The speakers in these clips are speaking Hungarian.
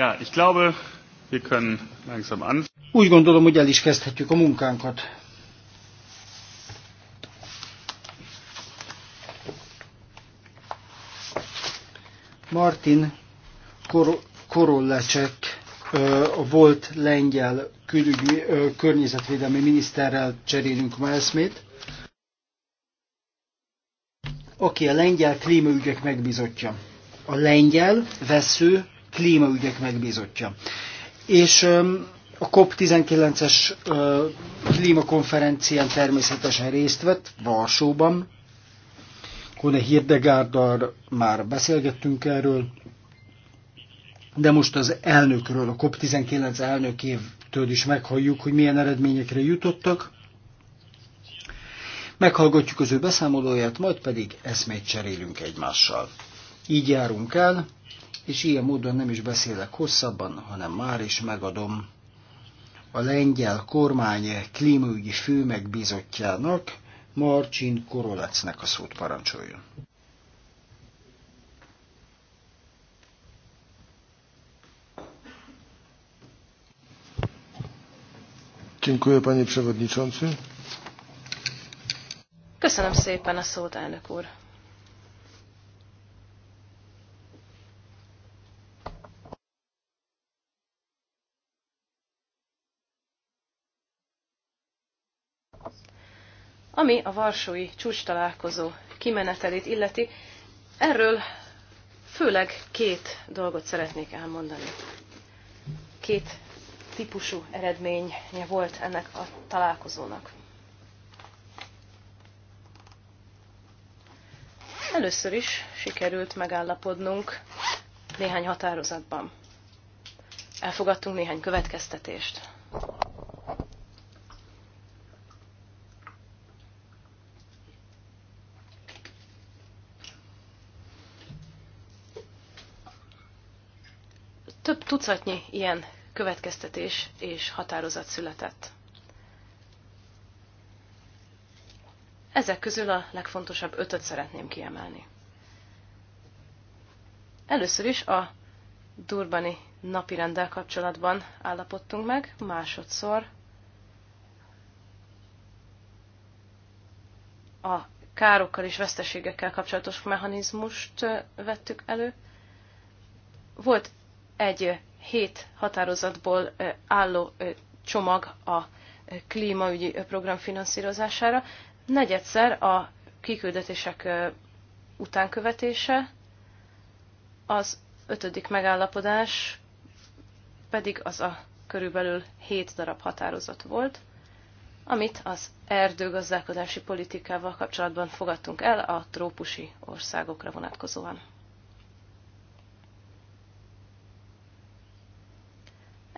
Ja, ich glaube, wir können langsam an. Úgy gondolom, hogy el is kezdhetjük a munkánkat. Martin Kor Korollecsek volt lengyel külügyi, környezetvédelmi miniszterrel cserélünk ma eszmét, aki a lengyel klímaügyek megbizotja. A lengyel vesző klímaügyek megbízottja. És a COP19-es klímakonferencián természetesen részt vett Varsóban. Kone Hirdegárdal már beszélgettünk erről, de most az elnökről, a COP19 elnökévtől is meghalljuk, hogy milyen eredményekre jutottak. Meghallgatjuk az ő beszámolóját, majd pedig eszmét cserélünk egymással. Így járunk el, és ilyen módon nem is beszélek hosszabban, hanem már is megadom a lengyel kormány klímaügyi főmegbizottjának, Marcin Korolecnek a szót parancsoljon. Dziękuję, panie przewodniczący. Köszönöm szépen a szót, elnök úr. Ami a Varsói csúcs találkozó kimenetelét illeti, erről főleg két dolgot szeretnék elmondani. Két típusú eredménye volt ennek a találkozónak. Először is sikerült megállapodnunk néhány határozatban. Elfogadtunk néhány következtetést. tucatnyi ilyen következtetés és határozat született. Ezek közül a legfontosabb ötöt szeretném kiemelni. Először is a Durbani rendel kapcsolatban állapodtunk meg, másodszor a károkkal és veszteségekkel kapcsolatos mechanizmust vettük elő. Volt egy hét határozatból álló csomag a klímaügyi program finanszírozására, negyedszer a kiküldetések utánkövetése, az ötödik megállapodás pedig az a körülbelül hét darab határozat volt, amit az erdőgazdálkodási politikával kapcsolatban fogadtunk el a trópusi országokra vonatkozóan.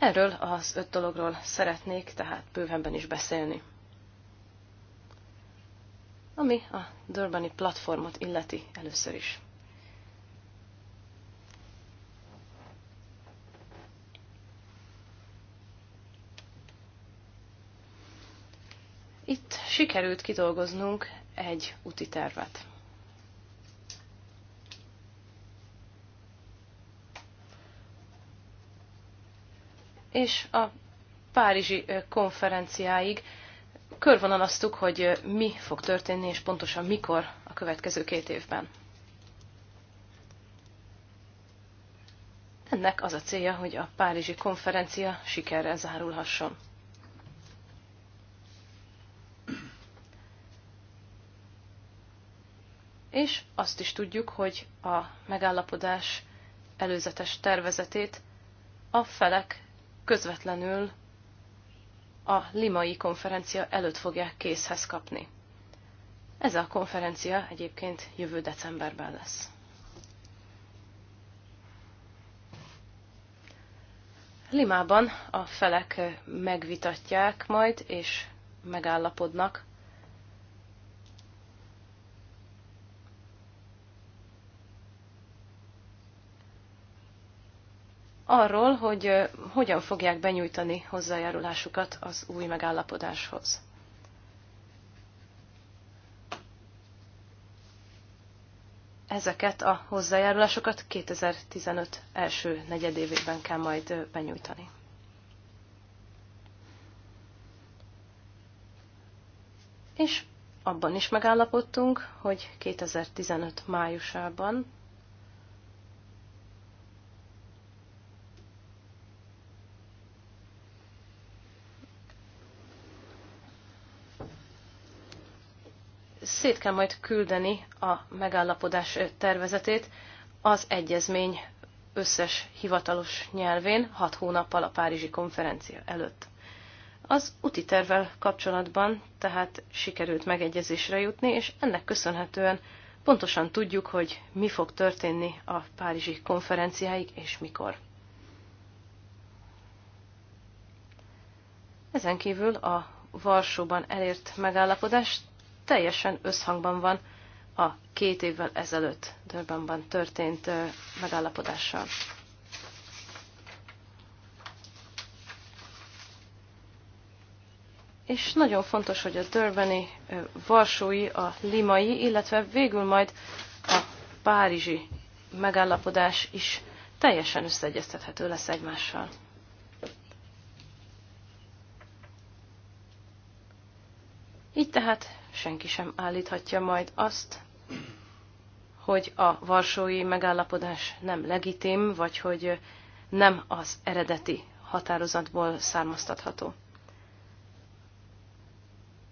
Erről az öt dologról szeretnék tehát bővenben is beszélni. Ami a Durbani platformot illeti először is. Itt sikerült kidolgoznunk egy úti tervet. és a Párizsi konferenciáig körvonalaztuk, hogy mi fog történni, és pontosan mikor a következő két évben. Ennek az a célja, hogy a Párizsi konferencia sikerrel zárulhasson. És azt is tudjuk, hogy a megállapodás előzetes tervezetét a felek közvetlenül a limai konferencia előtt fogják készhez kapni. Ez a konferencia egyébként jövő decemberben lesz. Limában a felek megvitatják majd és megállapodnak arról, hogy hogyan fogják benyújtani hozzájárulásukat az új megállapodáshoz. Ezeket a hozzájárulásokat 2015 első negyedévében kell majd benyújtani. És abban is megállapodtunk, hogy 2015 májusában szét kell majd küldeni a megállapodás tervezetét az egyezmény összes hivatalos nyelvén hat hónappal a Párizsi konferencia előtt. Az úti tervvel kapcsolatban tehát sikerült megegyezésre jutni, és ennek köszönhetően pontosan tudjuk, hogy mi fog történni a Párizsi konferenciáig és mikor. Ezen kívül a Varsóban elért megállapodás teljesen összhangban van a két évvel ezelőtt Durbanban történt megállapodással. És nagyon fontos, hogy a Durbani, Varsói, a Limai, illetve végül majd a Párizsi megállapodás is teljesen összeegyeztethető lesz egymással. Így tehát senki sem állíthatja majd azt, hogy a varsói megállapodás nem legitim, vagy hogy nem az eredeti határozatból származtatható.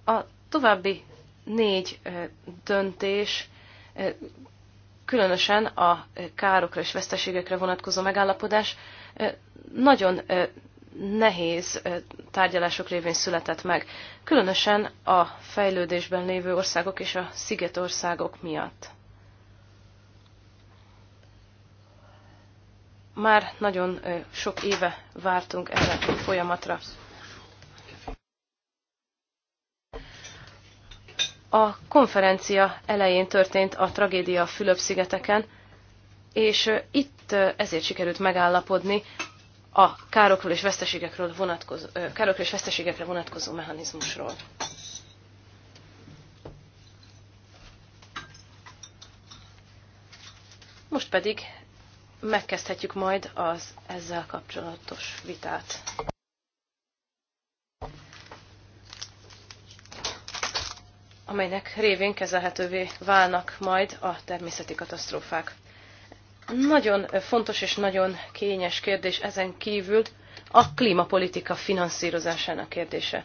A további négy döntés különösen a károkra és veszteségekre vonatkozó megállapodás nagyon nehéz tárgyalások révén született meg, különösen a fejlődésben lévő országok és a szigetországok miatt. Már nagyon sok éve vártunk erre a folyamatra. A konferencia elején történt a tragédia a Fülöp-szigeteken, és itt ezért sikerült megállapodni a károkról és veszteségekről vonatkozó, károkról és veszteségekre vonatkozó mechanizmusról. Most pedig megkezdhetjük majd az ezzel kapcsolatos vitát. amelynek révén kezelhetővé válnak majd a természeti katasztrófák. Nagyon fontos és nagyon kényes kérdés ezen kívül a klímapolitika finanszírozásának kérdése.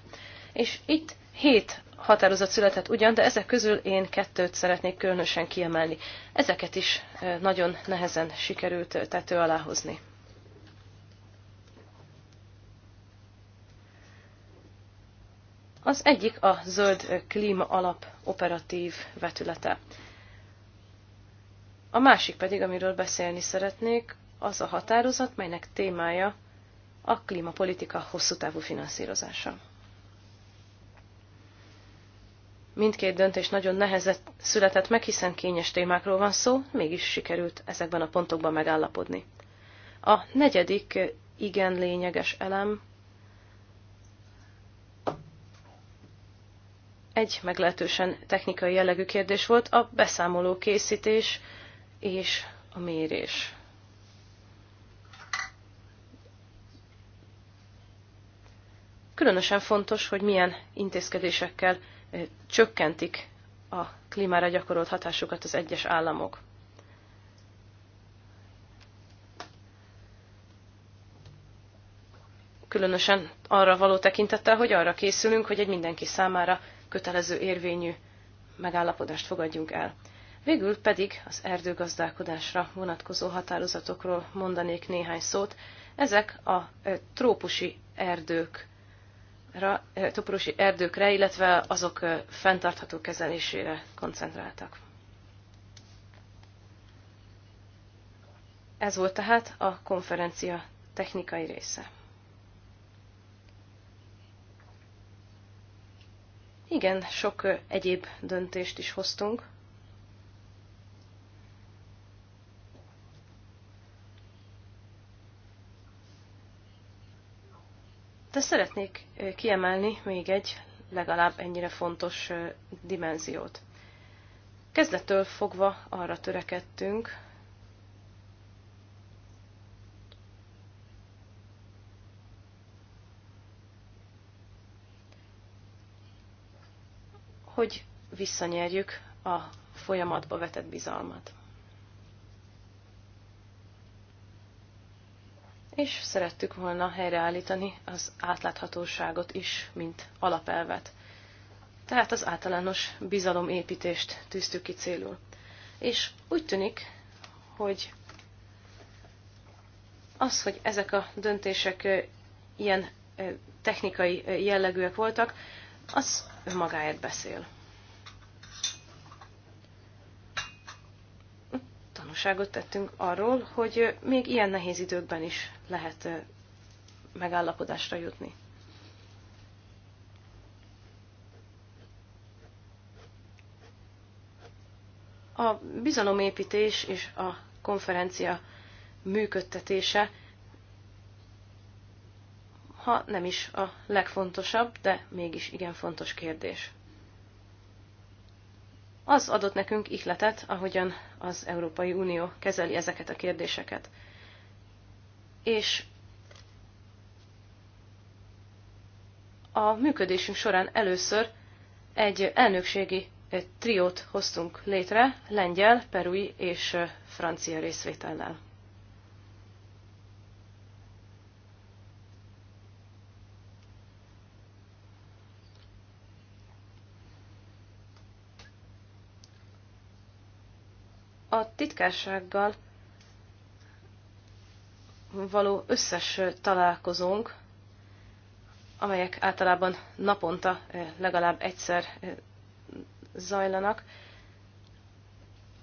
És itt hét határozat született ugyan, de ezek közül én kettőt szeretnék különösen kiemelni. Ezeket is nagyon nehezen sikerült tető alá hozni. Az egyik a zöld klíma alap operatív vetülete. A másik pedig, amiről beszélni szeretnék, az a határozat, melynek témája a klímapolitika hosszú távú finanszírozása. Mindkét döntés nagyon nehezet született meg, hiszen kényes témákról van szó, mégis sikerült ezekben a pontokban megállapodni. A negyedik igen lényeges elem egy meglehetősen technikai jellegű kérdés volt, a beszámoló készítés és a mérés. Különösen fontos, hogy milyen intézkedésekkel csökkentik a klímára gyakorolt hatásukat az egyes államok. Különösen arra való tekintettel, hogy arra készülünk, hogy egy mindenki számára kötelező érvényű megállapodást fogadjunk el. Végül pedig az erdőgazdálkodásra vonatkozó határozatokról mondanék néhány szót. Ezek a trópusi erdők toporosi erdőkre, illetve azok fenntartható kezelésére koncentráltak. Ez volt tehát a konferencia technikai része. Igen, sok egyéb döntést is hoztunk. De szeretnék kiemelni még egy legalább ennyire fontos dimenziót. Kezdettől fogva arra törekedtünk, hogy visszanyerjük a folyamatba vetett bizalmat. és szerettük volna helyreállítani az átláthatóságot is, mint alapelvet. Tehát az általános bizalomépítést tűztük ki célul. És úgy tűnik, hogy az, hogy ezek a döntések ilyen technikai jellegűek voltak, az önmagáért beszél. tanúságot tettünk arról, hogy még ilyen nehéz időkben is lehet megállapodásra jutni. A bizalomépítés és a konferencia működtetése, ha nem is a legfontosabb, de mégis igen fontos kérdés az adott nekünk ihletet, ahogyan az Európai Unió kezeli ezeket a kérdéseket. És a működésünk során először egy elnökségi triót hoztunk létre, lengyel, perui és francia részvétellel. titkársággal való összes találkozónk, amelyek általában naponta legalább egyszer zajlanak,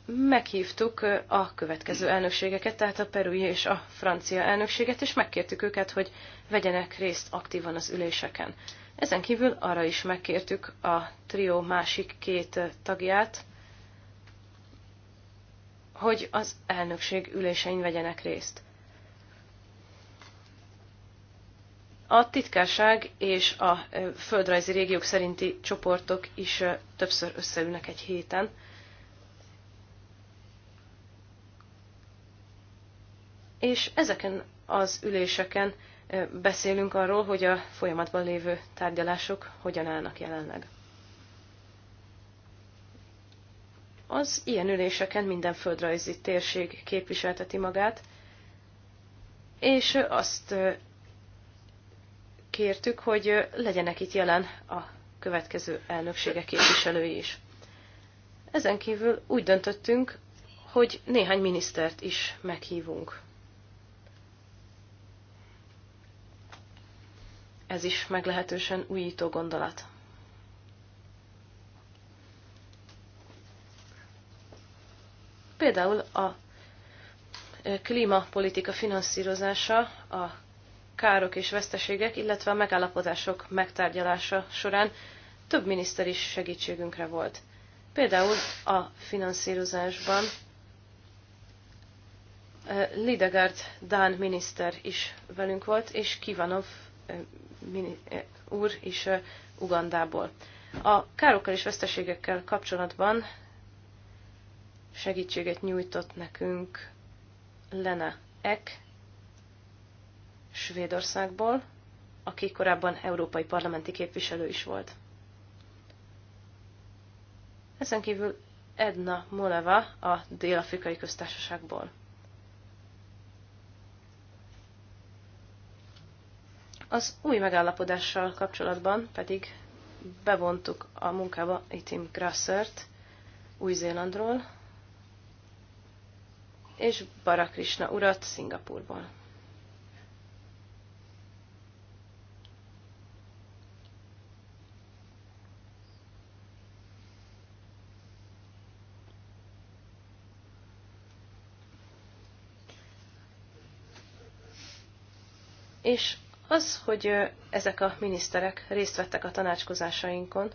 meghívtuk a következő elnökségeket, tehát a perui és a francia elnökséget, és megkértük őket, hogy vegyenek részt aktívan az üléseken. Ezen kívül arra is megkértük a trió másik két tagját, hogy az elnökség ülésein vegyenek részt. A titkárság és a földrajzi régiók szerinti csoportok is többször összeülnek egy héten. És ezeken az üléseken beszélünk arról, hogy a folyamatban lévő tárgyalások hogyan állnak jelenleg. az ilyen üléseken minden földrajzi térség képviselteti magát, és azt kértük, hogy legyenek itt jelen a következő elnöksége képviselői is. Ezen kívül úgy döntöttünk, hogy néhány minisztert is meghívunk. Ez is meglehetősen újító gondolat. Például a klímapolitika finanszírozása, a károk és veszteségek, illetve a megállapodások megtárgyalása során több miniszter is segítségünkre volt. Például a finanszírozásban Lidegard Dán miniszter is velünk volt, és Kivanov úr is Ugandából. A károkkal és veszteségekkel kapcsolatban segítséget nyújtott nekünk Lena Ek Svédországból, aki korábban európai parlamenti képviselő is volt. Ezen kívül Edna Moleva a Dél-Afrikai Köztársaságból. Az új megállapodással kapcsolatban pedig bevontuk a munkába Itim Grassert Új-Zélandról, és Barakrisna urat Szingapurból. És az, hogy ezek a miniszterek részt vettek a tanácskozásainkon,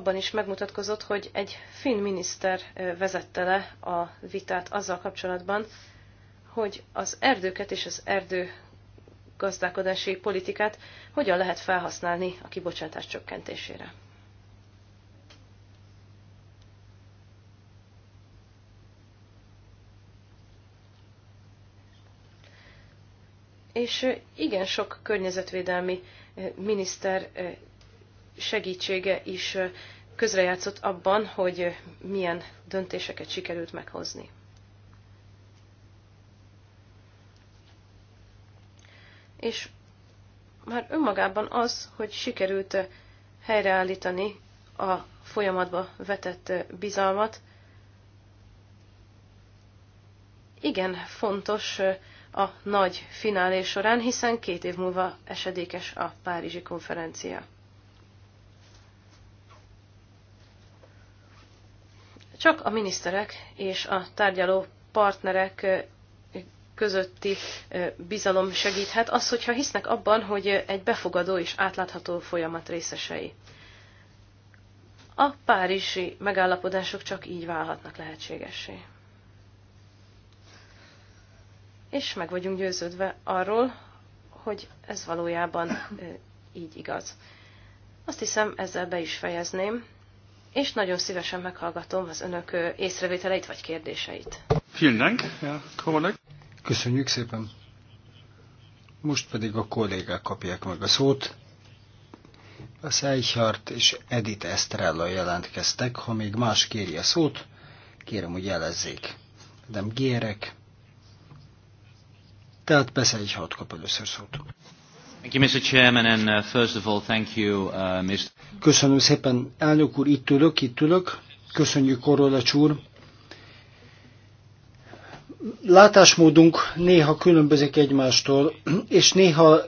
abban is megmutatkozott, hogy egy finn miniszter vezette le a vitát azzal kapcsolatban, hogy az erdőket és az erdő gazdálkodási politikát hogyan lehet felhasználni a kibocsátás csökkentésére. És igen sok környezetvédelmi miniszter segítsége is közrejátszott abban, hogy milyen döntéseket sikerült meghozni. És már önmagában az, hogy sikerült helyreállítani a folyamatba vetett bizalmat, igen fontos a nagy finálé során, hiszen két év múlva esedékes a Párizsi konferencia. Csak a miniszterek és a tárgyaló partnerek közötti bizalom segíthet az, hogyha hisznek abban, hogy egy befogadó és átlátható folyamat részesei. A párizsi megállapodások csak így válhatnak lehetségessé. És meg vagyunk győződve arról, hogy ez valójában így igaz. Azt hiszem, ezzel be is fejezném és nagyon szívesen meghallgatom az önök észrevételeit vagy kérdéseit. Köszönjük szépen! Most pedig a kollégák kapják meg a szót. A Seichart és Edith Estrella jelentkeztek. Ha még más kéri a szót, kérem, hogy jelezzék. Nem gérek. Tehát beszélj, ha kap először szót. Köszönöm szépen, elnök úr, itt ülök, itt ülök. Köszönjük, Korolacs úr. Látásmódunk néha különbözik egymástól, és néha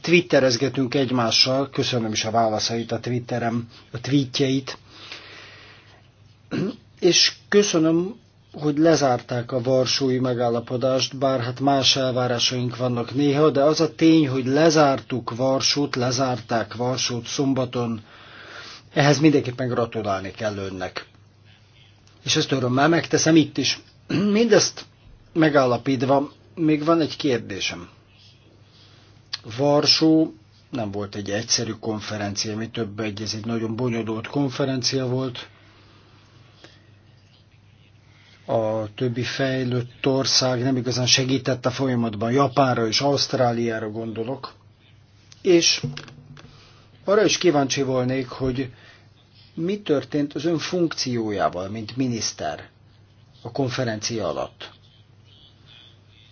twitterezgetünk egymással. Köszönöm is a válaszait a twitterem, a tweetjeit. És köszönöm hogy lezárták a varsói megállapodást, bár hát más elvárásaink vannak néha, de az a tény, hogy lezártuk Varsót, lezárták Varsót szombaton, ehhez mindenképpen gratulálni kell önnek. És ezt örömmel megteszem itt is. Mindezt megállapítva, még van egy kérdésem. Varsó nem volt egy egyszerű konferencia, mi több egy, ez egy nagyon bonyolult konferencia volt, a többi fejlődött ország nem igazán segített a folyamatban, Japánra és Ausztráliára gondolok. És arra is kíváncsi volnék, hogy mi történt az ön funkciójával, mint miniszter a konferencia alatt.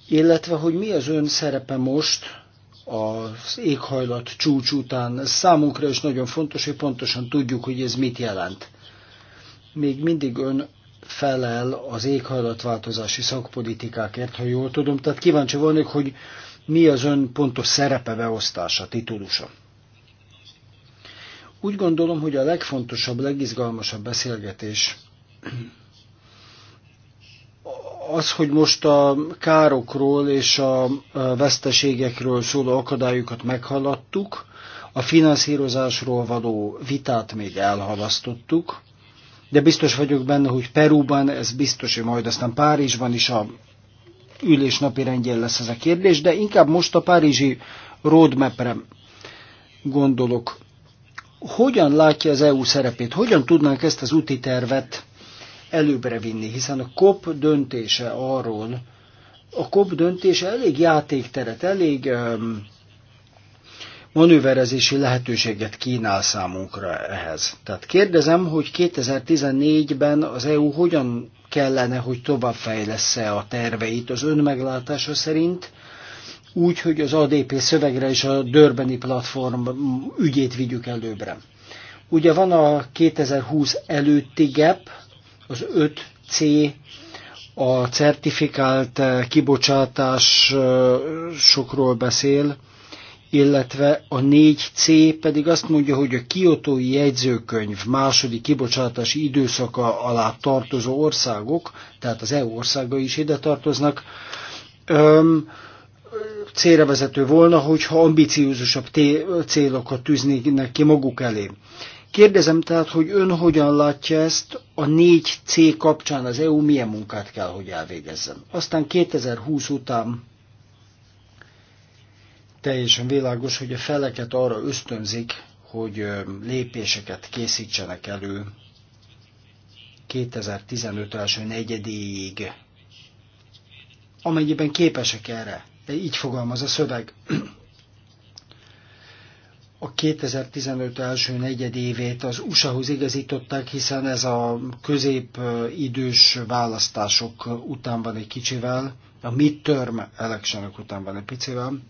Illetve, hogy mi az ön szerepe most az éghajlat csúcs után. Ez számunkra is nagyon fontos, hogy pontosan tudjuk, hogy ez mit jelent. Még mindig ön felel az éghajlatváltozási szakpolitikákért, ha jól tudom. Tehát kíváncsi volnék, hogy mi az ön pontos szerepe, beosztása, titulusa. Úgy gondolom, hogy a legfontosabb, legizgalmasabb beszélgetés az, hogy most a károkról és a veszteségekről szóló akadályokat meghaladtuk, a finanszírozásról való vitát még elhalasztottuk, de biztos vagyok benne, hogy Perúban, ez biztos, hogy majd aztán Párizsban is a ülés napi rendjén lesz ez a kérdés, de inkább most a párizsi roadmap-re gondolok. Hogyan látja az EU szerepét? Hogyan tudnánk ezt az úti tervet előbbre vinni? Hiszen a COP döntése arról, a COP döntése elég játékteret, elég um, manőverezési lehetőséget kínál számunkra ehhez. Tehát kérdezem, hogy 2014-ben az EU hogyan kellene, hogy továbbfejlesz-e a terveit az ön meglátása szerint, úgy, hogy az ADP szövegre és a Dörbeni platform ügyét vigyük előbbre. Ugye van a 2020 előtti gap, az 5C, a certifikált kibocsátás beszél, illetve a 4C pedig azt mondja, hogy a kiotói jegyzőkönyv második kibocsátási időszaka alá tartozó országok, tehát az EU országai is ide tartoznak, öm, célra vezető volna, hogyha ambiciózusabb célokat tűznének ki maguk elé. Kérdezem tehát, hogy ön hogyan látja ezt, a 4C kapcsán az EU milyen munkát kell, hogy elvégezzen. Aztán 2020 után teljesen világos, hogy a feleket arra ösztönzik, hogy lépéseket készítsenek elő 2015 első negyedéig, amennyiben képesek erre. De így fogalmaz a szöveg. A 2015 első negyedévét az USA-hoz igazították, hiszen ez a középidős választások után van egy kicsivel, a midterm electionok után van egy picivel,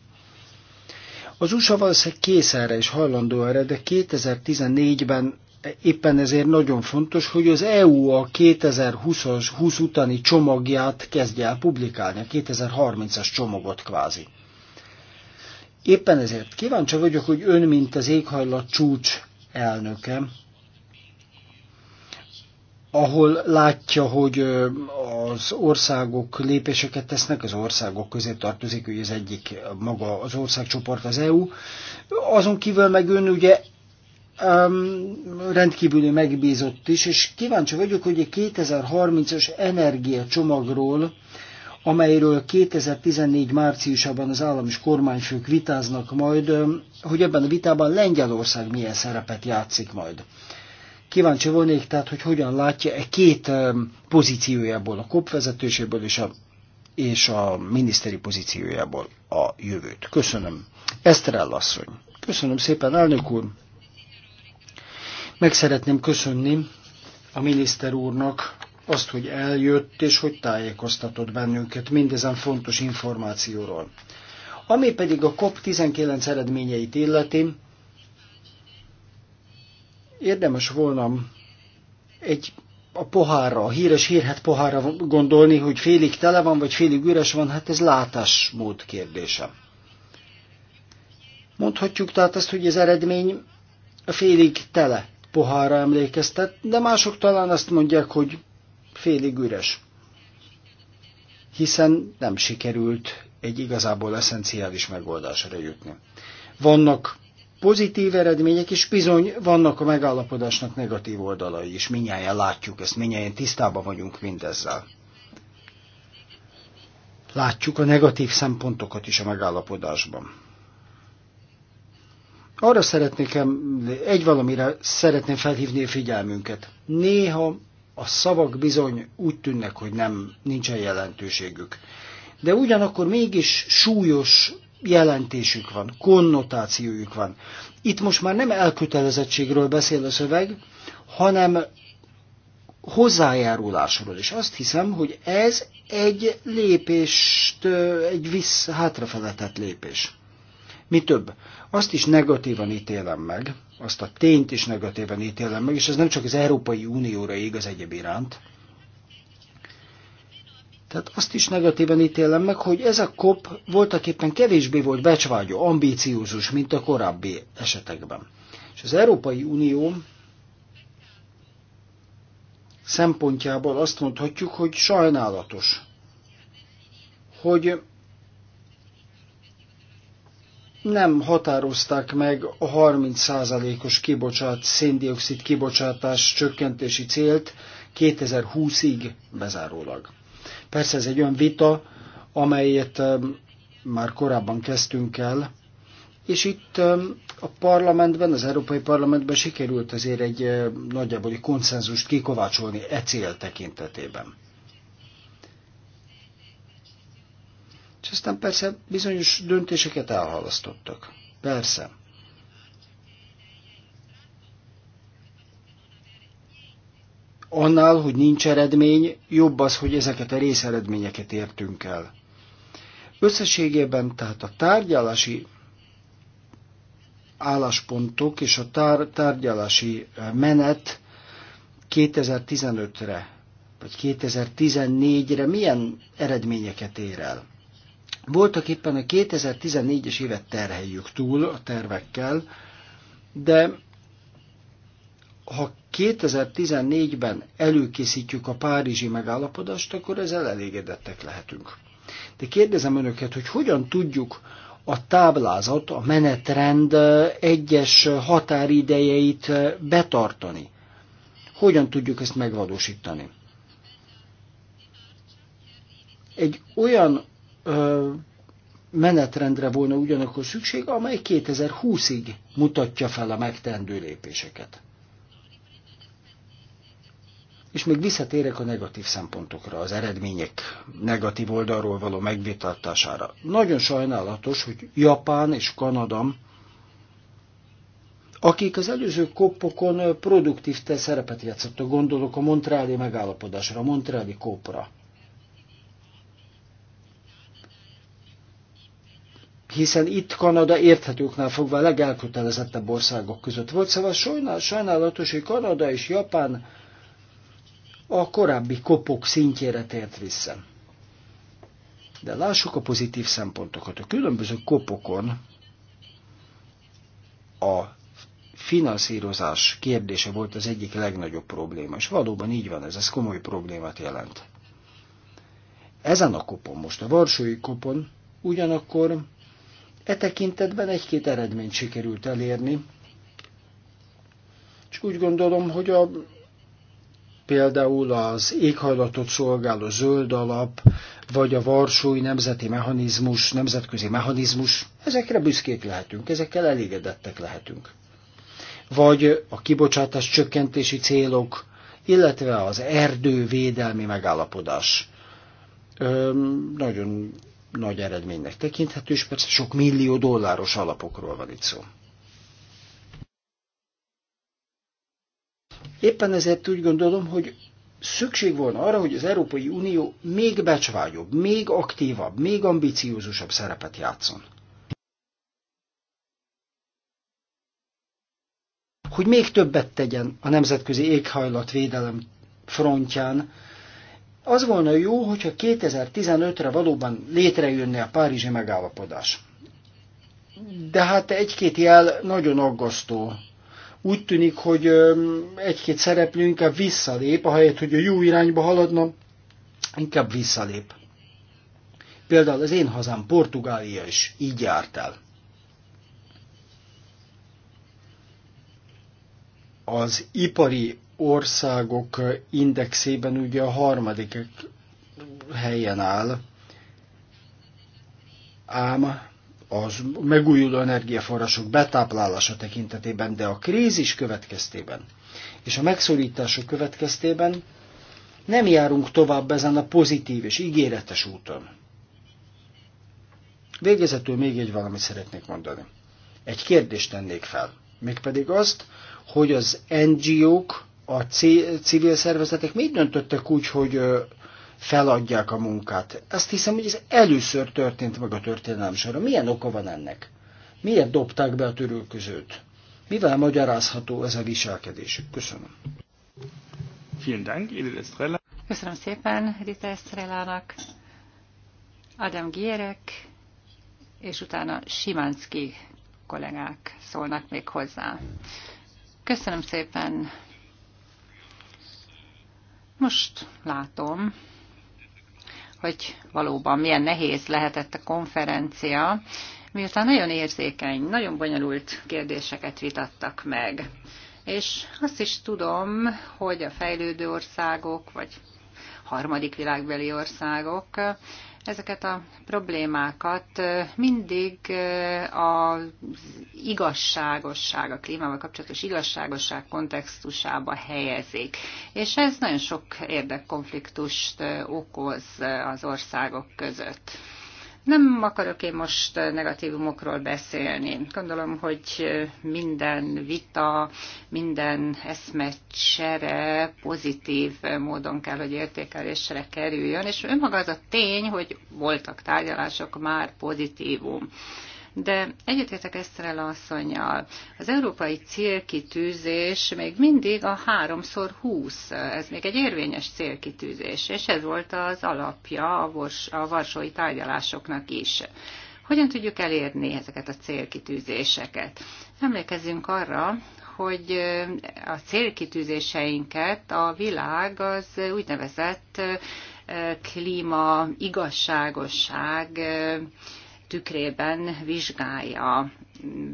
az USA valószínűleg kész erre és hajlandó erre, de 2014-ben éppen ezért nagyon fontos, hogy az EU a 2020-as 20 utáni csomagját kezdje el publikálni, a 2030-as csomagot kvázi. Éppen ezért kíváncsi vagyok, hogy ön, mint az éghajlat csúcs elnöke, ahol látja, hogy az országok lépéseket tesznek, az országok közé tartozik, hogy az egyik maga az országcsoport az EU. Azon kívül meg ön ugye um, rendkívüli megbízott is, és kíváncsi vagyok, hogy a 2030-as energiacsomagról, amelyről 2014 márciusában az állam és kormányfők vitáznak majd, hogy ebben a vitában Lengyelország milyen szerepet játszik majd. Kíváncsi volnék tehát, hogy hogyan látja e két pozíciójából, a COP vezetőséből és a, és a miniszteri pozíciójából a jövőt. Köszönöm. Eszterell asszony. Köszönöm szépen, elnök úr. Meg szeretném köszönni a miniszter úrnak azt, hogy eljött és hogy tájékoztatott bennünket mindezen fontos információról. Ami pedig a COP19 eredményeit illeti, Érdemes volna egy a pohárra, a híres hírhet pohárra gondolni, hogy félig tele van, vagy félig üres van, hát ez látásmód kérdése. Mondhatjuk tehát azt, hogy az eredmény a félig tele pohárra emlékeztet, de mások talán azt mondják, hogy félig üres. Hiszen nem sikerült egy igazából eszenciális megoldásra jutni. Vannak pozitív eredmények, és bizony vannak a megállapodásnak negatív oldalai is. Minnyáján látjuk ezt, minnyáján tisztában vagyunk mindezzel. Látjuk a negatív szempontokat is a megállapodásban. Arra szeretnék, egy valamire szeretném felhívni a figyelmünket. Néha a szavak bizony úgy tűnnek, hogy nem nincsen jelentőségük. De ugyanakkor mégis súlyos jelentésük van, konnotációjuk van. Itt most már nem elkötelezettségről beszél a szöveg, hanem hozzájárulásról, és azt hiszem, hogy ez egy lépést, egy vissz, hátrafeletett lépés. Mi több, azt is negatívan ítélem meg, azt a tényt is negatívan ítélem meg, és ez nem csak az Európai Unióra igaz egyéb iránt, tehát azt is negatíven ítélem meg, hogy ez a kop éppen kevésbé volt becsvágyó, ambíciózus, mint a korábbi esetekben. És az Európai Unió szempontjából azt mondhatjuk, hogy sajnálatos, hogy nem határozták meg a 30%-os kibocsát, széndiokszid kibocsátás csökkentési célt 2020-ig bezárólag. Persze ez egy olyan vita, amelyet már korábban kezdtünk el, és itt a parlamentben, az Európai Parlamentben sikerült azért egy nagyjából egy konszenzust kikovácsolni e cél tekintetében. És aztán persze bizonyos döntéseket elhalasztottak. Persze. annál, hogy nincs eredmény, jobb az, hogy ezeket a részeredményeket értünk el. Összességében tehát a tárgyalási álláspontok és a tár, tárgyalási menet 2015-re vagy 2014-re milyen eredményeket ér el. Voltak éppen a 2014-es évet terheljük túl a tervekkel, de ha 2014-ben előkészítjük a párizsi megállapodást, akkor ezzel elégedettek lehetünk. De kérdezem önöket, hogy hogyan tudjuk a táblázat, a menetrend egyes határidejeit betartani? Hogyan tudjuk ezt megvalósítani? Egy olyan ö, menetrendre volna ugyanakkor szükség, amely 2020-ig mutatja fel a megtendő lépéseket. És még visszatérek a negatív szempontokra, az eredmények negatív oldalról való megvitatására. Nagyon sajnálatos, hogy Japán és Kanada, akik az előző koppokon produktív te szerepet játszottak, gondolok a Montreali megállapodásra, a Montreali kópra. hiszen itt Kanada érthetőknál fogva a legelkötelezettebb országok között volt. Szóval sajnál, sajnálatos, hogy Kanada és Japán a korábbi kopok szintjére tért vissza. De lássuk a pozitív szempontokat. A különböző kopokon a finanszírozás kérdése volt az egyik legnagyobb probléma, és valóban így van ez, ez komoly problémát jelent. Ezen a kopon, most a Varsói kopon, ugyanakkor e tekintetben egy-két eredményt sikerült elérni, és úgy gondolom, hogy a például az éghajlatot szolgáló zöld alap, vagy a Varsói Nemzeti Mechanizmus, Nemzetközi Mechanizmus, ezekre büszkék lehetünk, ezekkel elégedettek lehetünk. Vagy a kibocsátás csökkentési célok, illetve az erdővédelmi megállapodás. Öm, nagyon nagy eredménynek tekinthető, és persze sok millió dolláros alapokról van itt szó. Éppen ezért úgy gondolom, hogy szükség volna arra, hogy az Európai Unió még becsvágyobb, még aktívabb, még ambiciózusabb szerepet játszon. Hogy még többet tegyen a nemzetközi éghajlatvédelem frontján, az volna jó, hogyha 2015-re valóban létrejönne a Párizsi megállapodás. De hát egy-két jel nagyon aggasztó úgy tűnik, hogy egy-két szereplő inkább visszalép, ahelyett, hogy a jó irányba haladna, inkább visszalép. Például az én hazám Portugália is így járt el. Az ipari országok indexében ugye a harmadik helyen áll, ám az megújuló energiaforrások betáplálása tekintetében, de a krízis következtében és a megszorítások következtében nem járunk tovább ezen a pozitív és ígéretes úton. Végezetül még egy valamit szeretnék mondani. Egy kérdést tennék fel, mégpedig azt, hogy az NGO-k, a civil szervezetek miért döntöttek úgy, hogy feladják a munkát. Azt hiszem, hogy ez először történt meg a történelem során. Milyen oka van ennek? Miért dobták be a törülközőt? Mivel magyarázható ez a viselkedés? Köszönöm. Köszönöm szépen Rita Estrellának, Adam Gierek, és utána Simanski kollégák szólnak még hozzá. Köszönöm szépen! Most látom, hogy valóban milyen nehéz lehetett a konferencia, miután nagyon érzékeny, nagyon bonyolult kérdéseket vitattak meg. És azt is tudom, hogy a fejlődő országok, vagy harmadik világbeli országok ezeket a problémákat mindig eh, az igazságosság, a klímával kapcsolatos igazságosság kontextusába helyezik. És ez nagyon sok érdekkonfliktust eh, okoz eh, az országok között. Nem akarok én most negatívumokról beszélni. Gondolom, hogy minden vita, minden eszmecsere pozitív módon kell, hogy értékelésre kerüljön, és önmaga az a tény, hogy voltak tárgyalások már pozitívum de egyetértek Eszterel asszonyjal. Az európai célkitűzés még mindig a 3x20, ez még egy érvényes célkitűzés, és ez volt az alapja a, vors, a varsói tárgyalásoknak is. Hogyan tudjuk elérni ezeket a célkitűzéseket? Emlékezzünk arra, hogy a célkitűzéseinket a világ az úgynevezett klíma igazságosság tükrében vizsgálja.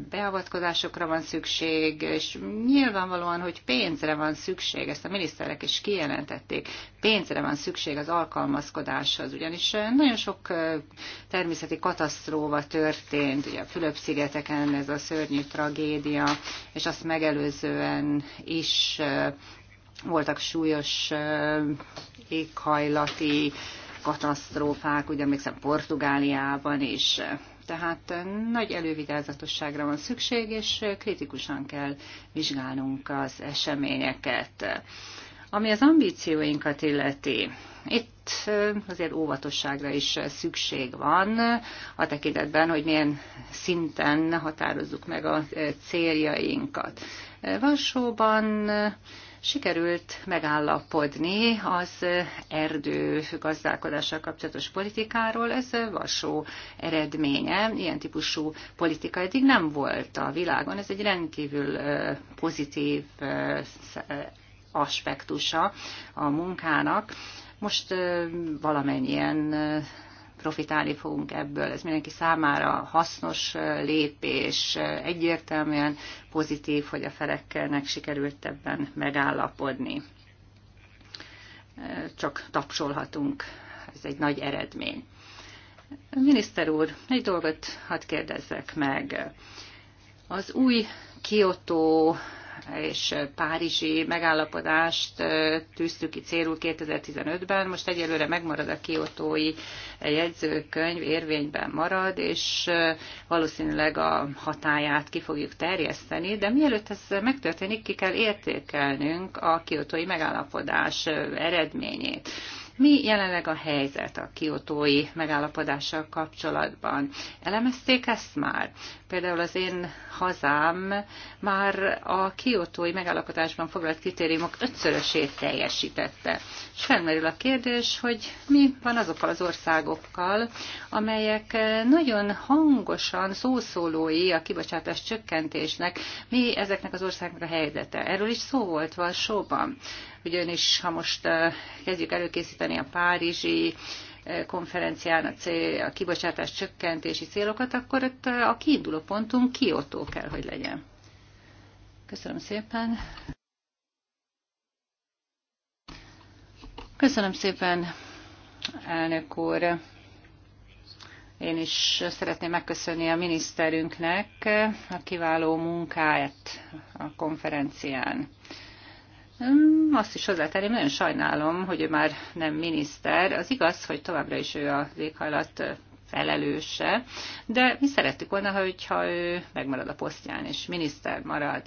Beavatkozásokra van szükség, és nyilvánvalóan, hogy pénzre van szükség, ezt a miniszterek is kijelentették, pénzre van szükség az alkalmazkodáshoz, ugyanis nagyon sok természeti katasztrófa történt, ugye a Fülöp-szigeteken ez a szörnyű tragédia, és azt megelőzően is voltak súlyos éghajlati katasztrófák, ugye emlékszem Portugáliában is. Tehát nagy elővigyázatosságra van szükség, és kritikusan kell vizsgálnunk az eseményeket. Ami az ambícióinkat illeti, itt azért óvatosságra is szükség van a tekintetben, hogy milyen szinten határozzuk meg a céljainkat. Varsóban sikerült megállapodni az erdő gazdálkodással kapcsolatos politikáról. Ez vasó eredménye. Ilyen típusú politika eddig nem volt a világon. Ez egy rendkívül pozitív aspektusa a munkának. Most valamennyien profitálni fogunk ebből. Ez mindenki számára hasznos lépés, egyértelműen pozitív, hogy a felekkelnek sikerült ebben megállapodni. Csak tapsolhatunk, ez egy nagy eredmény. Miniszter úr, egy dolgot hadd kérdezzek meg. Az új Kyoto és párizsi megállapodást tűztük ki célul 2015-ben, most egyelőre megmarad a kiotói jegyzőkönyv, érvényben marad, és valószínűleg a hatáját ki fogjuk terjeszteni, de mielőtt ez megtörténik, ki kell értékelnünk a kiotói megállapodás eredményét. Mi jelenleg a helyzet a kiotói megállapodással kapcsolatban? Elemezték ezt már? Például az én hazám már a kiotói megállapodásban foglalt kritériumok ötszörösét teljesítette. És felmerül a kérdés, hogy mi van azokkal az országokkal, amelyek nagyon hangosan szószólói a kibocsátás csökkentésnek. Mi ezeknek az országnak a helyzete? Erről is szó volt Varsóban ugyanis ha most kezdjük előkészíteni a párizsi konferencián a, cél, a kibocsátás csökkentési célokat, akkor ott a kiinduló pontunk Kiotó kell, hogy legyen. Köszönöm szépen. Köszönöm szépen, elnök úr. Én is szeretném megköszönni a miniszterünknek a kiváló munkáját a konferencián. Hm, azt is hozzátenném, nagyon sajnálom, hogy ő már nem miniszter. Az igaz, hogy továbbra is ő a éghajlat felelőse, de mi szerettük volna, hogyha ő megmarad a posztján, és miniszter marad.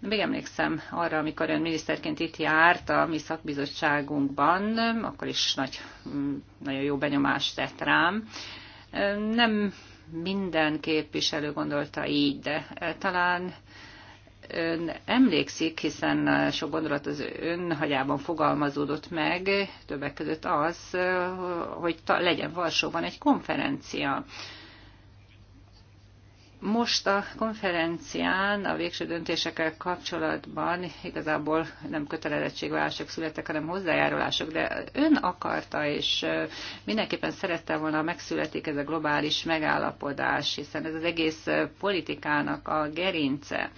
Még emlékszem arra, amikor ön miniszterként itt járt a mi szakbizottságunkban, akkor is nagy, hm, nagyon jó benyomást tett rám. Nem minden képviselő gondolta így, de talán ön emlékszik, hiszen sok gondolat az ön hagyában fogalmazódott meg, többek között az, hogy legyen Varsóban egy konferencia. Most a konferencián a végső döntésekkel kapcsolatban igazából nem kötelezettségvállalások születtek, hanem hozzájárulások, de ön akarta és mindenképpen szerette volna, megszületik ez a globális megállapodás, hiszen ez az egész politikának a gerince.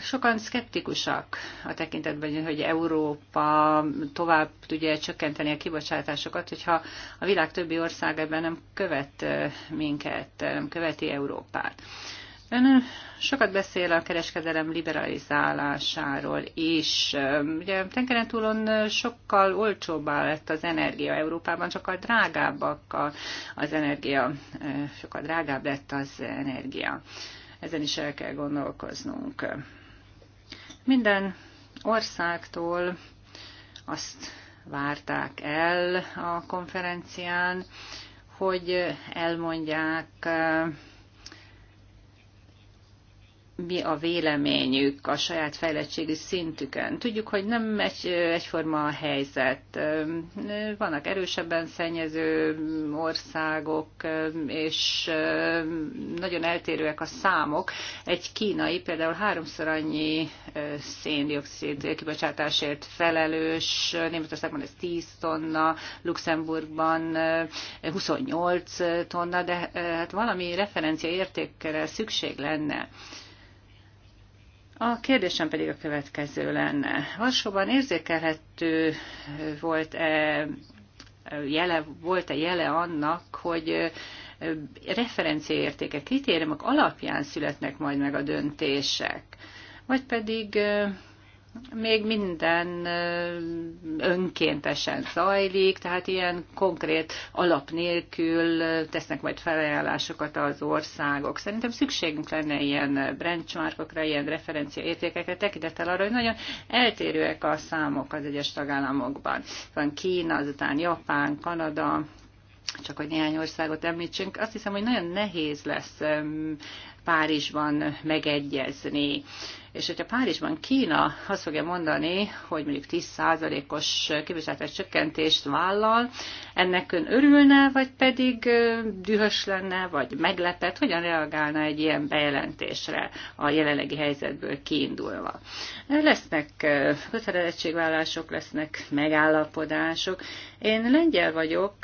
Sokan szkeptikusak a tekintetben, hogy Európa tovább tudja csökkenteni a kibocsátásokat, hogyha a világ többi ország ebben nem követ minket, nem követi Európát. Ön sokat beszél a kereskedelem liberalizálásáról is. Ugye tengeren túlon sokkal olcsóbbá lett az energia Európában, sokkal drágábbak az energia, sokkal drágább lett az energia. Ezen is el kell gondolkoznunk. Minden országtól azt várták el a konferencián, hogy elmondják mi a véleményük a saját fejlettségi szintükön. Tudjuk, hogy nem egy, egyforma a helyzet. Vannak erősebben szennyező országok, és nagyon eltérőek a számok. Egy kínai például háromszor annyi széndiokszid kibocsátásért felelős, Németországban ez 10 tonna, Luxemburgban 28 tonna, de hát valami referencia értékre szükség lenne. A kérdésem pedig a következő lenne. Varsóban érzékelhető volt-e jele, volt-e jele annak, hogy referenciaértékek, kritériumok alapján születnek majd meg a döntések, vagy pedig még minden önkéntesen zajlik, tehát ilyen konkrét alap nélkül tesznek majd felajánlásokat az országok. Szerintem szükségünk lenne ilyen brandcsmárkokra, ilyen referenciaértékekre, tekintettel arra, hogy nagyon eltérőek a számok az egyes tagállamokban. Van Kína, azután Japán, Kanada, csak hogy néhány országot említsünk, azt hiszem, hogy nagyon nehéz lesz Párizsban megegyezni. És hogyha Párizsban Kína azt fogja mondani, hogy mondjuk 10%-os kibocsátás csökkentést vállal, ennek ön örülne, vagy pedig dühös lenne, vagy meglepett, hogyan reagálna egy ilyen bejelentésre a jelenlegi helyzetből kiindulva. Lesznek kötelezettségvállások, lesznek megállapodások. Én lengyel vagyok,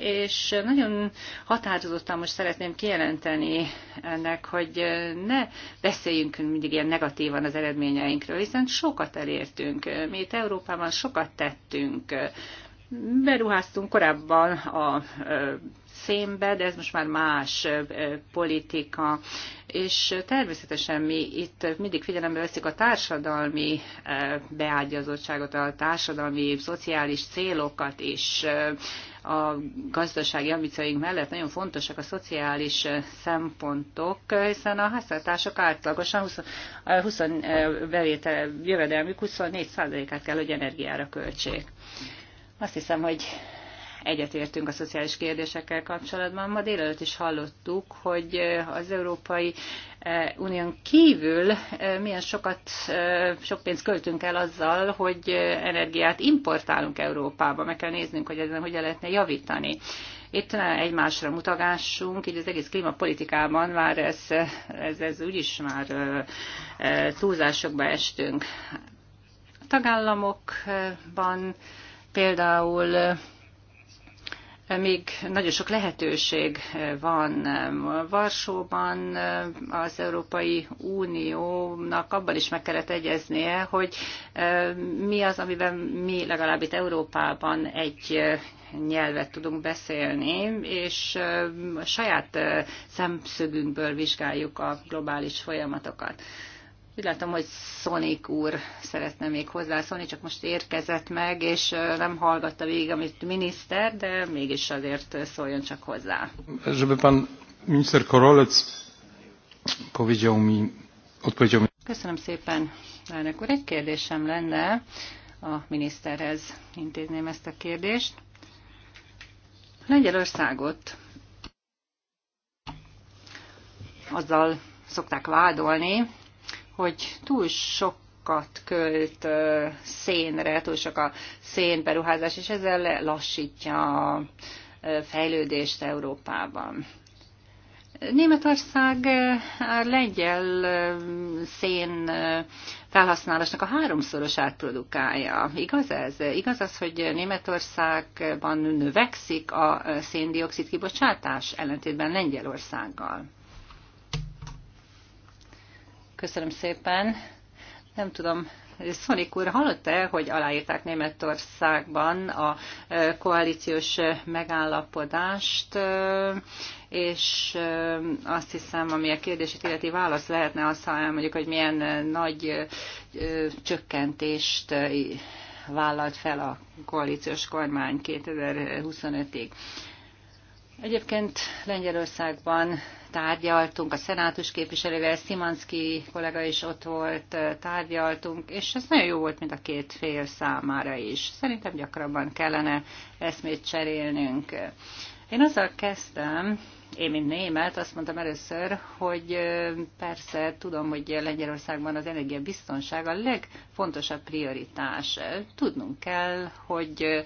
és nagyon határozottan most szeretném kijelenteni ennek, hogy hogy ne beszéljünk mindig ilyen negatívan az eredményeinkről, hiszen sokat elértünk. Mi itt Európában sokat tettünk. Beruháztunk korábban a szénbe, de ez most már más politika. És természetesen mi itt mindig figyelembe veszik a társadalmi beágyazottságot, a társadalmi, szociális célokat is, a gazdasági ambícióink mellett nagyon fontosak a szociális eh, szempontok, hiszen a háztartások átlagosan 20, 20 eh, eh, bevétel, jövedelmük 24%-át kell, hogy energiára költsék. Azt hiszem, hogy egyetértünk a szociális kérdésekkel kapcsolatban. Ma délelőtt is hallottuk, hogy eh, az Európai eh, Unión kívül eh, milyen sokat, sok pénzt költünk el azzal, hogy energiát importálunk Európába. Meg kell néznünk, hogy ezen hogyan lehetne javítani itt egymásra mutagássunk, így az egész klímapolitikában már ez, ez, ez úgyis már túlzásokba estünk. A tagállamokban például még nagyon sok lehetőség van Varsóban, az Európai Uniónak abban is meg kellett egyeznie, hogy e, mi az, amiben mi legalább itt Európában egy e, nyelvet tudunk beszélni, és e, saját szemszögünkből vizsgáljuk a globális folyamatokat. Úgy látom, hogy Szonik úr szeretne még hozzászólni, csak most érkezett meg, és nem hallgatta végig, amit miniszter, de mégis azért szóljon csak hozzá. Żeby pan minister Korolec powiedział mi, odpowiedział mi. Köszönöm szépen, elnök úr. Egy kérdésem lenne a miniszterhez. Intézném ezt a kérdést. Lengyelországot azzal szokták vádolni, hogy túl sok költ szénre, túl sok a szénberuházás, és ezzel lassítja a fejlődést Európában. Németország a lengyel szén felhasználásnak a háromszorosát produkálja. Igaz ez? Igaz az, hogy Németországban növekszik a széndiokszid kibocsátás ellentétben Lengyelországgal? Köszönöm szépen. Nem tudom, Szonik úr, hallott-e, hogy aláírták Németországban a koalíciós megállapodást, és azt hiszem, ami a kérdését illeti válasz lehetne az, ha elmondjuk, hogy milyen nagy csökkentést vállalt fel a koalíciós kormány 2025-ig. Egyébként Lengyelországban tárgyaltunk, a szenátus képviselővel, Szimanszki kollega is ott volt, tárgyaltunk, és ez nagyon jó volt mind a két fél számára is. Szerintem gyakrabban kellene eszmét cserélnünk. Én azzal kezdtem, én, mint német, azt mondtam először, hogy persze tudom, hogy Lengyelországban az energiabiztonság a legfontosabb prioritás. Tudnunk kell, hogy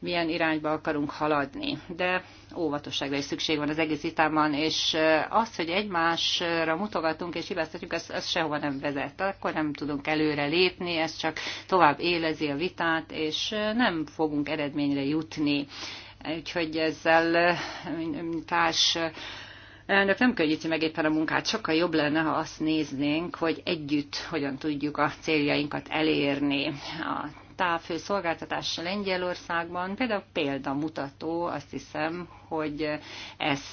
milyen irányba akarunk haladni. De óvatosságra is szükség van az egész vitában, és az, hogy egymásra mutogatunk és hibáztatjuk, az, az sehova nem vezet. Akkor nem tudunk előre lépni, ez csak tovább élezi a vitát, és nem fogunk eredményre jutni. Úgyhogy ezzel társ elnök nem könnyíti meg éppen a munkát, sokkal jobb lenne, ha azt néznénk, hogy együtt hogyan tudjuk a céljainkat elérni. A távfő szolgáltatás Lengyelországban például példamutató, azt hiszem, hogy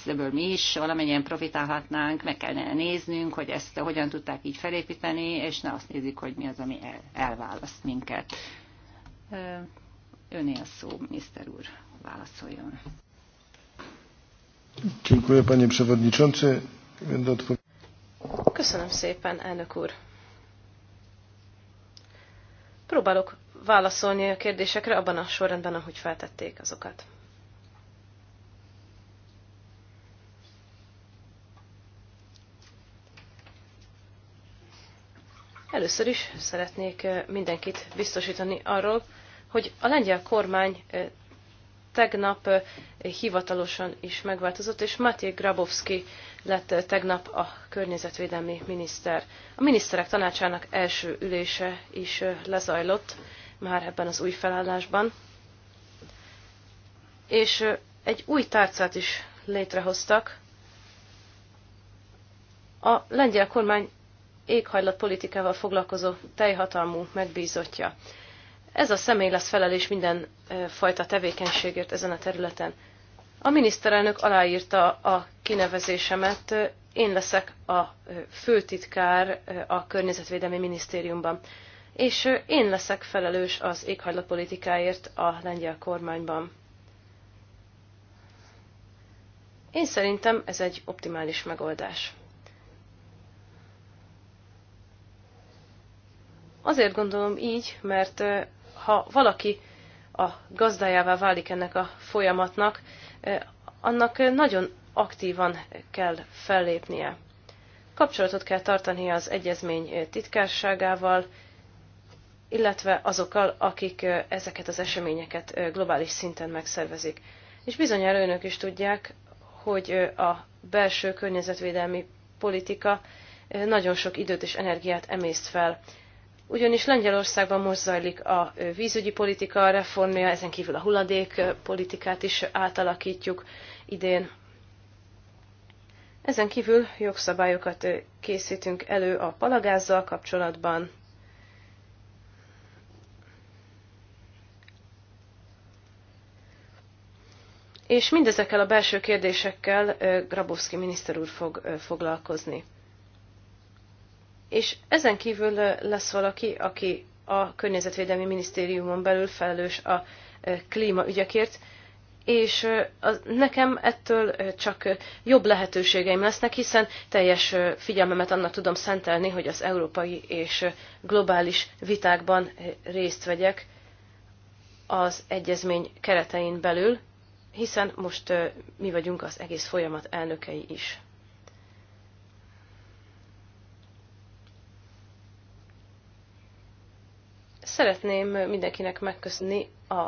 ebből mi is valamennyien profitálhatnánk, meg kellene néznünk, hogy ezt hogyan tudták így felépíteni, és ne azt nézzük, hogy mi az, ami el, elválaszt minket. Öné a szó, miniszter úr, válaszoljon. Köszönöm szépen, elnök úr. Próbálok válaszolni a kérdésekre abban a sorrendben, ahogy feltették azokat. Először is szeretnék mindenkit biztosítani arról, hogy a lengyel kormány tegnap hivatalosan is megváltozott, és Maté Grabowski lett tegnap a környezetvédelmi miniszter. A miniszterek tanácsának első ülése is lezajlott, már ebben az új feladásban, És egy új tárcát is létrehoztak. A lengyel kormány éghajlatpolitikával foglalkozó teljhatalmú megbízottja. Ez a személy lesz felelés minden fajta tevékenységért ezen a területen. A miniszterelnök aláírta a kinevezésemet, én leszek a főtitkár a Környezetvédelmi Minisztériumban és én leszek felelős az éghajlatpolitikáért a lengyel kormányban. Én szerintem ez egy optimális megoldás. Azért gondolom így, mert ha valaki a gazdájává válik ennek a folyamatnak, annak nagyon aktívan kell fellépnie. Kapcsolatot kell tartani az egyezmény titkárságával, illetve azokkal, akik ezeket az eseményeket globális szinten megszervezik. És bizonyára önök is tudják, hogy a belső környezetvédelmi politika nagyon sok időt és energiát emészt fel. Ugyanis Lengyelországban most zajlik a vízügyi politika reformja, ezen kívül a hulladékpolitikát is átalakítjuk idén. Ezen kívül jogszabályokat készítünk elő a palagázzal kapcsolatban, és mindezekkel a belső kérdésekkel Grabowski miniszter úr fog foglalkozni. És ezen kívül lesz valaki, aki a Környezetvédelmi Minisztériumon belül felelős a klímaügyekért, és nekem ettől csak jobb lehetőségeim lesznek, hiszen teljes figyelmemet annak tudom szentelni, hogy az európai és globális vitákban részt vegyek az egyezmény keretein belül, hiszen most mi vagyunk az egész folyamat elnökei is. Szeretném mindenkinek megköszönni a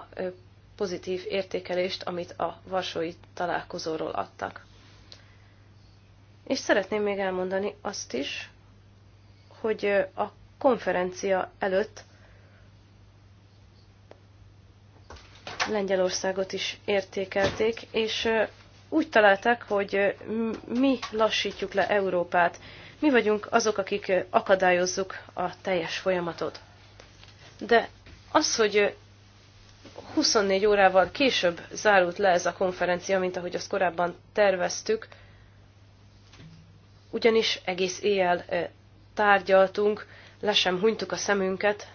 pozitív értékelést, amit a Varsói találkozóról adtak. És szeretném még elmondani azt is, hogy a konferencia előtt Lengyelországot is értékelték, és úgy találták, hogy mi lassítjuk le Európát. Mi vagyunk azok, akik akadályozzuk a teljes folyamatot. De az, hogy 24 órával később zárult le ez a konferencia, mint ahogy azt korábban terveztük, ugyanis egész éjjel tárgyaltunk, le sem hunytuk a szemünket.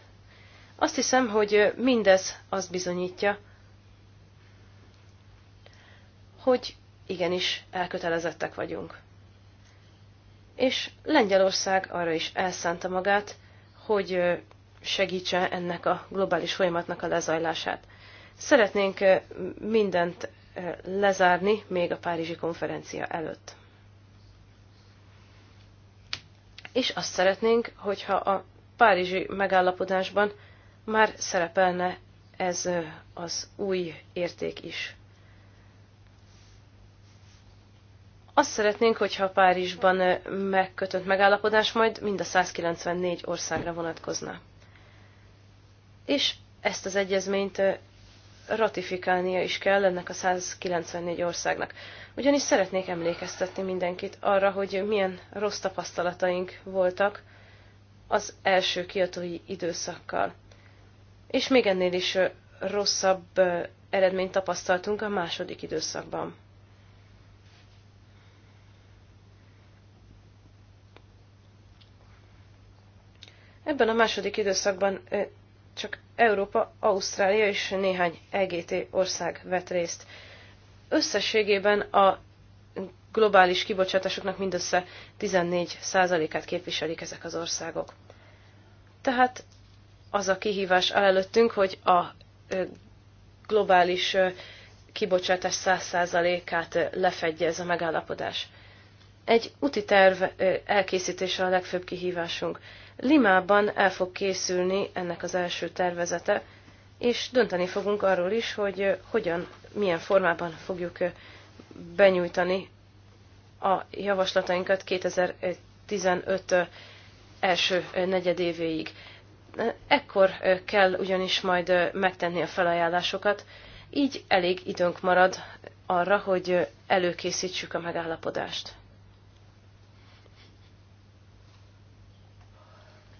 Azt hiszem, hogy mindez azt bizonyítja, hogy igenis elkötelezettek vagyunk. És Lengyelország arra is elszánta magát, hogy segítse ennek a globális folyamatnak a lezajlását. Szeretnénk mindent lezárni még a Párizsi konferencia előtt. És azt szeretnénk, hogyha a Párizsi megállapodásban már szerepelne ez az új érték is. Azt szeretnénk, hogyha Párizsban megkötött megállapodás majd mind a 194 országra vonatkozna. És ezt az egyezményt ratifikálnia is kell ennek a 194 országnak. Ugyanis szeretnék emlékeztetni mindenkit arra, hogy milyen rossz tapasztalataink voltak az első kiotói időszakkal. És még ennél is rosszabb eredményt tapasztaltunk a második időszakban. Ebben a második időszakban csak Európa, Ausztrália és néhány EGT ország vett részt. Összességében a globális kibocsátásoknak mindössze 14%-át képviselik ezek az országok. Tehát az a kihívás áll előttünk, hogy a globális kibocsátás 100%-át lefedje ez a megállapodás. Egy úti terv elkészítése a legfőbb kihívásunk. Limában el fog készülni ennek az első tervezete, és dönteni fogunk arról is, hogy hogyan, milyen formában fogjuk benyújtani a javaslatainkat 2015 első negyedévéig. Ekkor kell ugyanis majd megtenni a felajánlásokat, így elég időnk marad arra, hogy előkészítsük a megállapodást.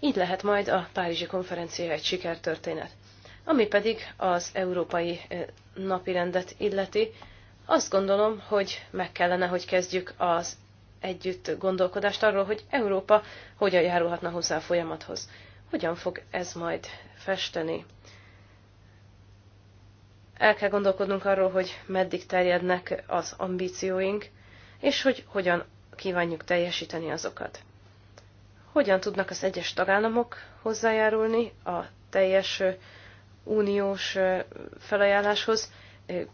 Így lehet majd a Párizsi konferencia egy sikertörténet. Ami pedig az európai eh, napirendet illeti, azt gondolom, hogy meg kellene, hogy kezdjük az együtt gondolkodást arról, hogy Európa hogyan járulhatna hozzá a folyamathoz. Hogyan fog ez majd festeni? El kell gondolkodnunk arról, hogy meddig terjednek az ambícióink, és hogy hogyan kívánjuk teljesíteni azokat hogyan tudnak az egyes tagállamok hozzájárulni a teljes uniós felajánláshoz,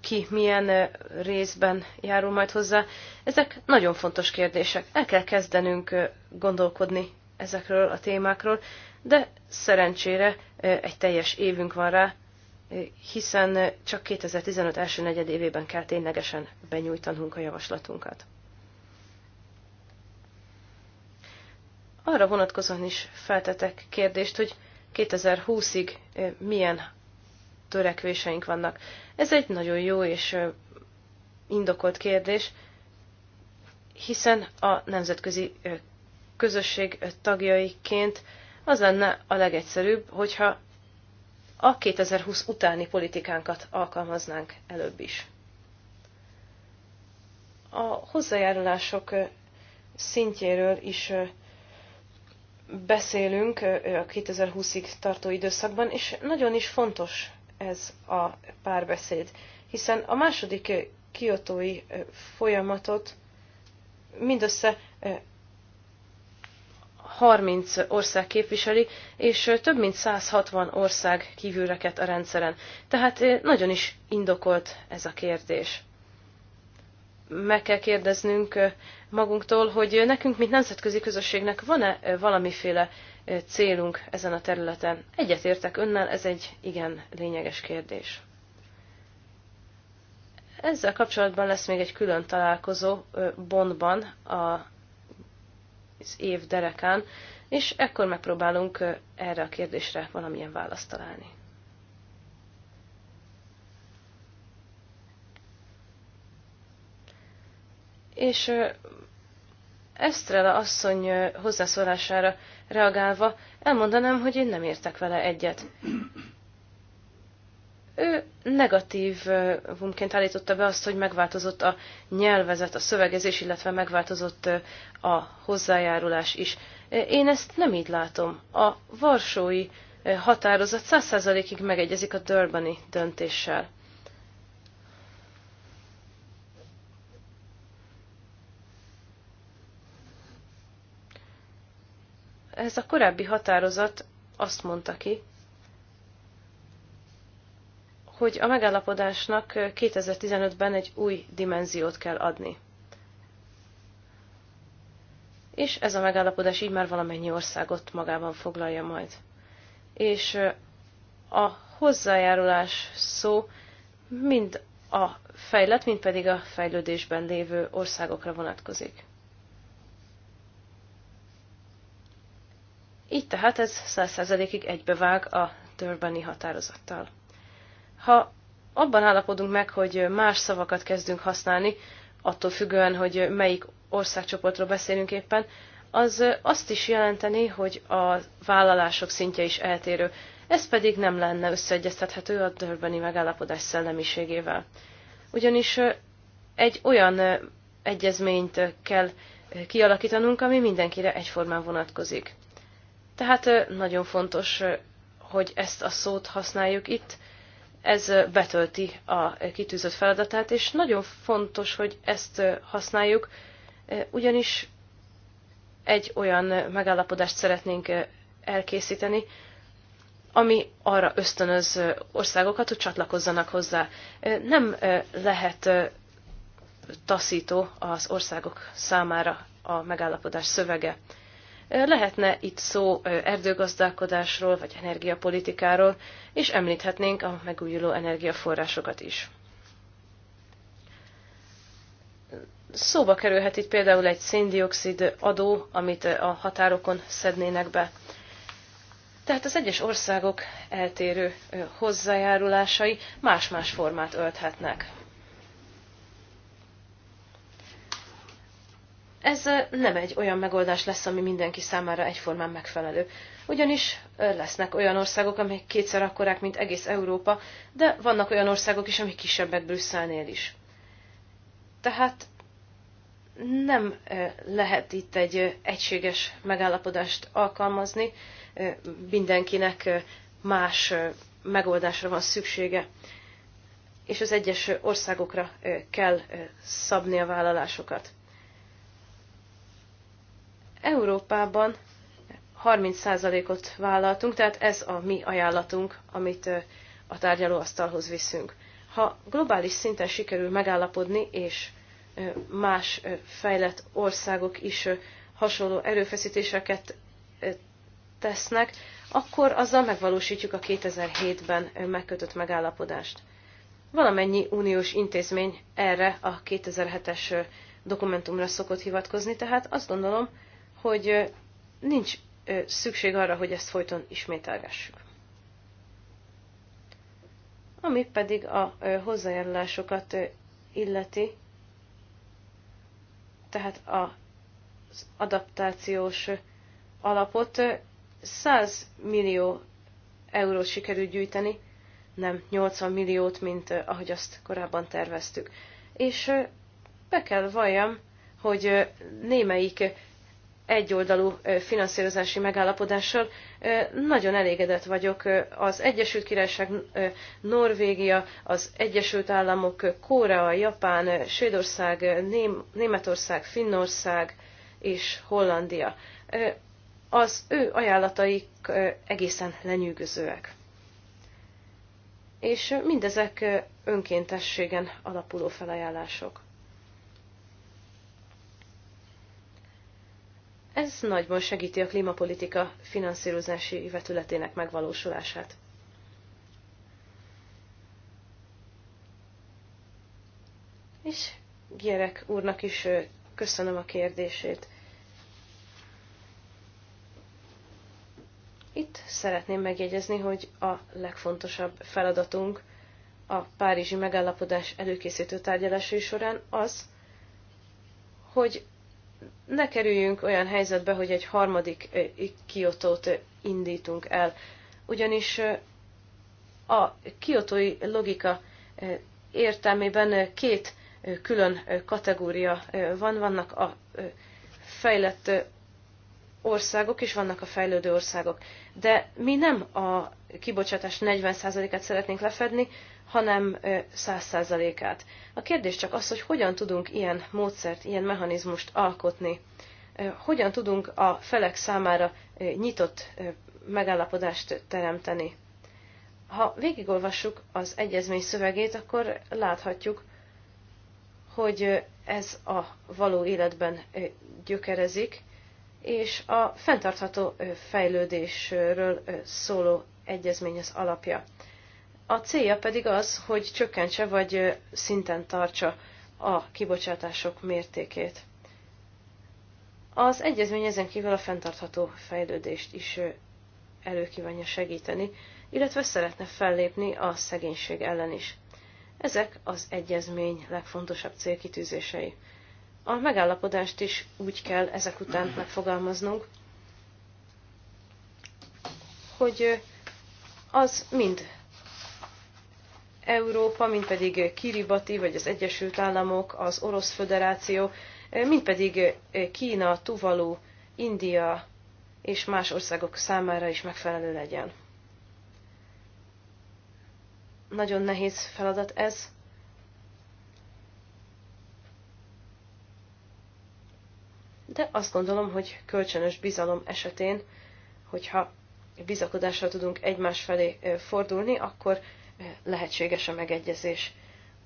ki milyen részben járul majd hozzá. Ezek nagyon fontos kérdések. El kell kezdenünk gondolkodni ezekről a témákról, de szerencsére egy teljes évünk van rá, hiszen csak 2015 első negyedévében kell ténylegesen benyújtanunk a javaslatunkat. arra vonatkozóan is feltetek kérdést, hogy 2020-ig eh, milyen törekvéseink vannak. Ez egy nagyon jó és eh, indokolt kérdés, hiszen a nemzetközi eh, közösség tagjaiként az lenne a legegyszerűbb, hogyha a 2020 utáni politikánkat alkalmaznánk előbb is. A hozzájárulások szintjéről is beszélünk a 2020-ig tartó időszakban, és nagyon is fontos ez a párbeszéd, hiszen a második kiotói folyamatot mindössze 30 ország képviseli, és több mint 160 ország kívülreket a rendszeren. Tehát nagyon is indokolt ez a kérdés. Meg kell kérdeznünk magunktól, hogy nekünk, mint nemzetközi közösségnek van-e valamiféle célunk ezen a területen. Egyetértek önnel, ez egy igen lényeges kérdés. Ezzel kapcsolatban lesz még egy külön találkozó Bondban, az év derekán, és ekkor megpróbálunk erre a kérdésre valamilyen választ találni. És Estrella asszony hozzászólására reagálva elmondanám, hogy én nem értek vele egyet. Ő negatív vumként állította be azt, hogy megváltozott a nyelvezet, a szövegezés, illetve megváltozott a hozzájárulás is. Én ezt nem így látom. A varsói határozat 100%-ig megegyezik a Durbani döntéssel. ez a korábbi határozat azt mondta ki, hogy a megállapodásnak 2015-ben egy új dimenziót kell adni. És ez a megállapodás így már valamennyi országot magában foglalja majd. És a hozzájárulás szó mind a fejlett, mind pedig a fejlődésben lévő országokra vonatkozik. Így tehát ez 100%-ig egybevág a törbeni határozattal. Ha abban állapodunk meg, hogy más szavakat kezdünk használni, attól függően, hogy melyik országcsoportról beszélünk éppen, az azt is jelenteni, hogy a vállalások szintje is eltérő, ez pedig nem lenne összeegyeztethető a dörbeni megállapodás szellemiségével. Ugyanis egy olyan egyezményt kell kialakítanunk, ami mindenkire egyformán vonatkozik. Tehát nagyon fontos, hogy ezt a szót használjuk itt. Ez betölti a kitűzött feladatát, és nagyon fontos, hogy ezt használjuk, ugyanis egy olyan megállapodást szeretnénk elkészíteni, ami arra ösztönöz országokat, hogy csatlakozzanak hozzá. Nem lehet taszító az országok számára a megállapodás szövege. Lehetne itt szó erdőgazdálkodásról vagy energiapolitikáról, és említhetnénk a megújuló energiaforrásokat is. Szóba kerülhet itt például egy széndiokszid adó, amit a határokon szednének be. Tehát az egyes országok eltérő hozzájárulásai más-más formát ölthetnek. ez nem egy olyan megoldás lesz, ami mindenki számára egyformán megfelelő. Ugyanis lesznek olyan országok, amelyek kétszer akkorák, mint egész Európa, de vannak olyan országok is, amik kisebbek Brüsszelnél is. Tehát nem lehet itt egy egységes megállapodást alkalmazni, mindenkinek más megoldásra van szüksége, és az egyes országokra kell szabni a vállalásokat. Európában 30%-ot vállaltunk, tehát ez a mi ajánlatunk, amit a tárgyalóasztalhoz viszünk. Ha globális szinten sikerül megállapodni, és más fejlett országok is hasonló erőfeszítéseket tesznek, akkor azzal megvalósítjuk a 2007-ben megkötött megállapodást. Valamennyi uniós intézmény erre a 2007-es dokumentumra szokott hivatkozni, tehát azt gondolom, hogy nincs szükség arra, hogy ezt folyton ismételgessük. Ami pedig a hozzájárulásokat illeti, tehát az adaptációs alapot 100 millió eurót sikerült gyűjteni, nem 80 milliót, mint ahogy azt korábban terveztük. És be kell valljam, hogy némelyik egyoldalú finanszírozási megállapodással. Nagyon elégedett vagyok. Az Egyesült Királyság, Norvégia, az Egyesült Államok, Korea, Japán, Svédország, Németország, Finnország és Hollandia. Az ő ajánlataik egészen lenyűgözőek. És mindezek önkéntességen alapuló felajánlások. Ez nagyban segíti a klímapolitika finanszírozási vetületének megvalósulását. És Gyerek úrnak is köszönöm a kérdését. Itt szeretném megjegyezni, hogy a legfontosabb feladatunk a Párizsi megállapodás előkészítő tárgyalásai során az, hogy ne kerüljünk olyan helyzetbe, hogy egy harmadik kiotót indítunk el. Ugyanis a kiotói logika értelmében két külön kategória van. Vannak a fejlett országok, és vannak a fejlődő országok. De mi nem a kibocsátás 40%-át szeretnénk lefedni, hanem száz százalékát. A kérdés csak az, hogy hogyan tudunk ilyen módszert, ilyen mechanizmust alkotni. Hogyan tudunk a felek számára nyitott megállapodást teremteni. Ha végigolvassuk az egyezmény szövegét, akkor láthatjuk, hogy ez a való életben gyökerezik, és a fenntartható fejlődésről szóló egyezmény az alapja a célja pedig az, hogy csökkentse vagy szinten tartsa a kibocsátások mértékét. Az egyezmény ezen kívül a fenntartható fejlődést is előkívánja segíteni, illetve szeretne fellépni a szegénység ellen is. Ezek az egyezmény legfontosabb célkitűzései. A megállapodást is úgy kell ezek után megfogalmaznunk, hogy az mind Európa, mind pedig Kiribati, vagy az Egyesült Államok, az Orosz Föderáció, mind pedig Kína, Tuvalu, India és más országok számára is megfelelő legyen. Nagyon nehéz feladat ez. De azt gondolom, hogy kölcsönös bizalom esetén, hogyha bizakodással tudunk egymás felé fordulni, akkor lehetséges a megegyezés.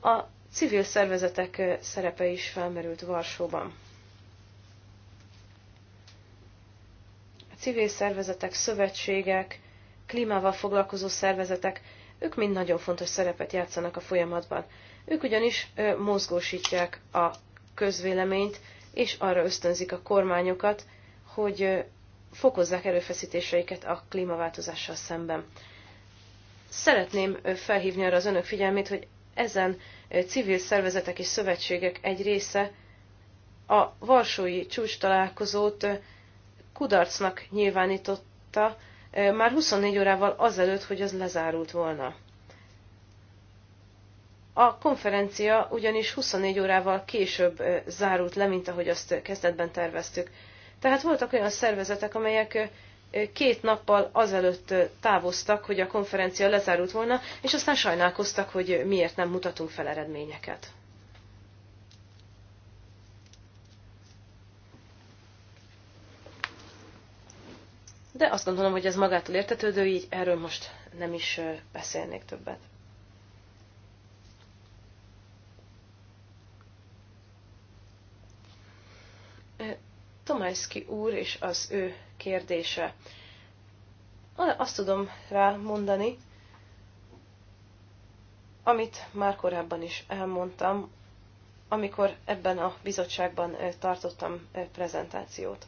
A civil szervezetek szerepe is felmerült Varsóban. A civil szervezetek, szövetségek, klímával foglalkozó szervezetek, ők mind nagyon fontos szerepet játszanak a folyamatban. Ők ugyanis mozgósítják a közvéleményt, és arra ösztönzik a kormányokat, hogy fokozzák erőfeszítéseiket a klímaváltozással szemben. Szeretném felhívni arra az önök figyelmét, hogy ezen civil szervezetek és szövetségek egy része a Varsói csúcs találkozót kudarcnak nyilvánította már 24 órával azelőtt, hogy az lezárult volna. A konferencia ugyanis 24 órával később zárult le, mint ahogy azt kezdetben terveztük. Tehát voltak olyan szervezetek, amelyek két nappal azelőtt távoztak, hogy a konferencia lezárult volna, és aztán sajnálkoztak, hogy miért nem mutatunk fel eredményeket. De azt gondolom, hogy ez magától értetődő, így erről most nem is beszélnék többet. Tomajszki úr és az ő kérdése. Azt tudom rá mondani, amit már korábban is elmondtam, amikor ebben a bizottságban tartottam prezentációt.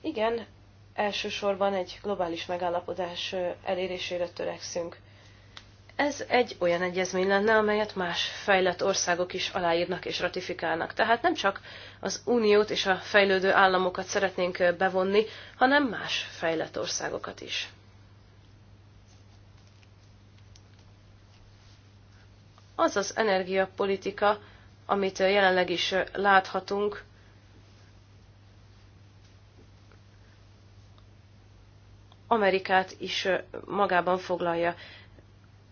Igen, elsősorban egy globális megállapodás elérésére törekszünk. Ez egy olyan egyezmény lenne, amelyet más fejlett országok is aláírnak és ratifikálnak. Tehát nem csak az uniót és a fejlődő államokat szeretnénk bevonni, hanem más fejlett országokat is. Az az energiapolitika, amit jelenleg is láthatunk, Amerikát is magában foglalja.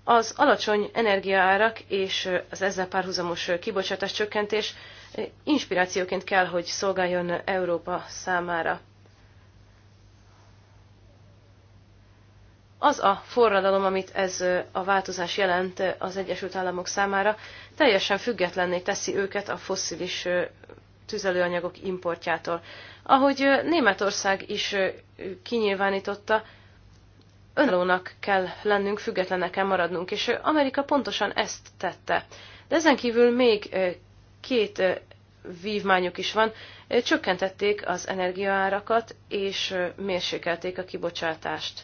Az alacsony energiaárak és az ezzel párhuzamos kibocsátás csökkentés inspirációként kell, hogy szolgáljon Európa számára. Az a forradalom, amit ez a változás jelent az Egyesült Államok számára, teljesen függetlenné teszi őket a fosszilis tüzelőanyagok importjától. Ahogy Németország is kinyilvánította, önállónak kell lennünk, függetlenek kell maradnunk, és Amerika pontosan ezt tette. De ezen kívül még két vívmányuk is van. Csökkentették az energiaárakat, és mérsékelték a kibocsátást.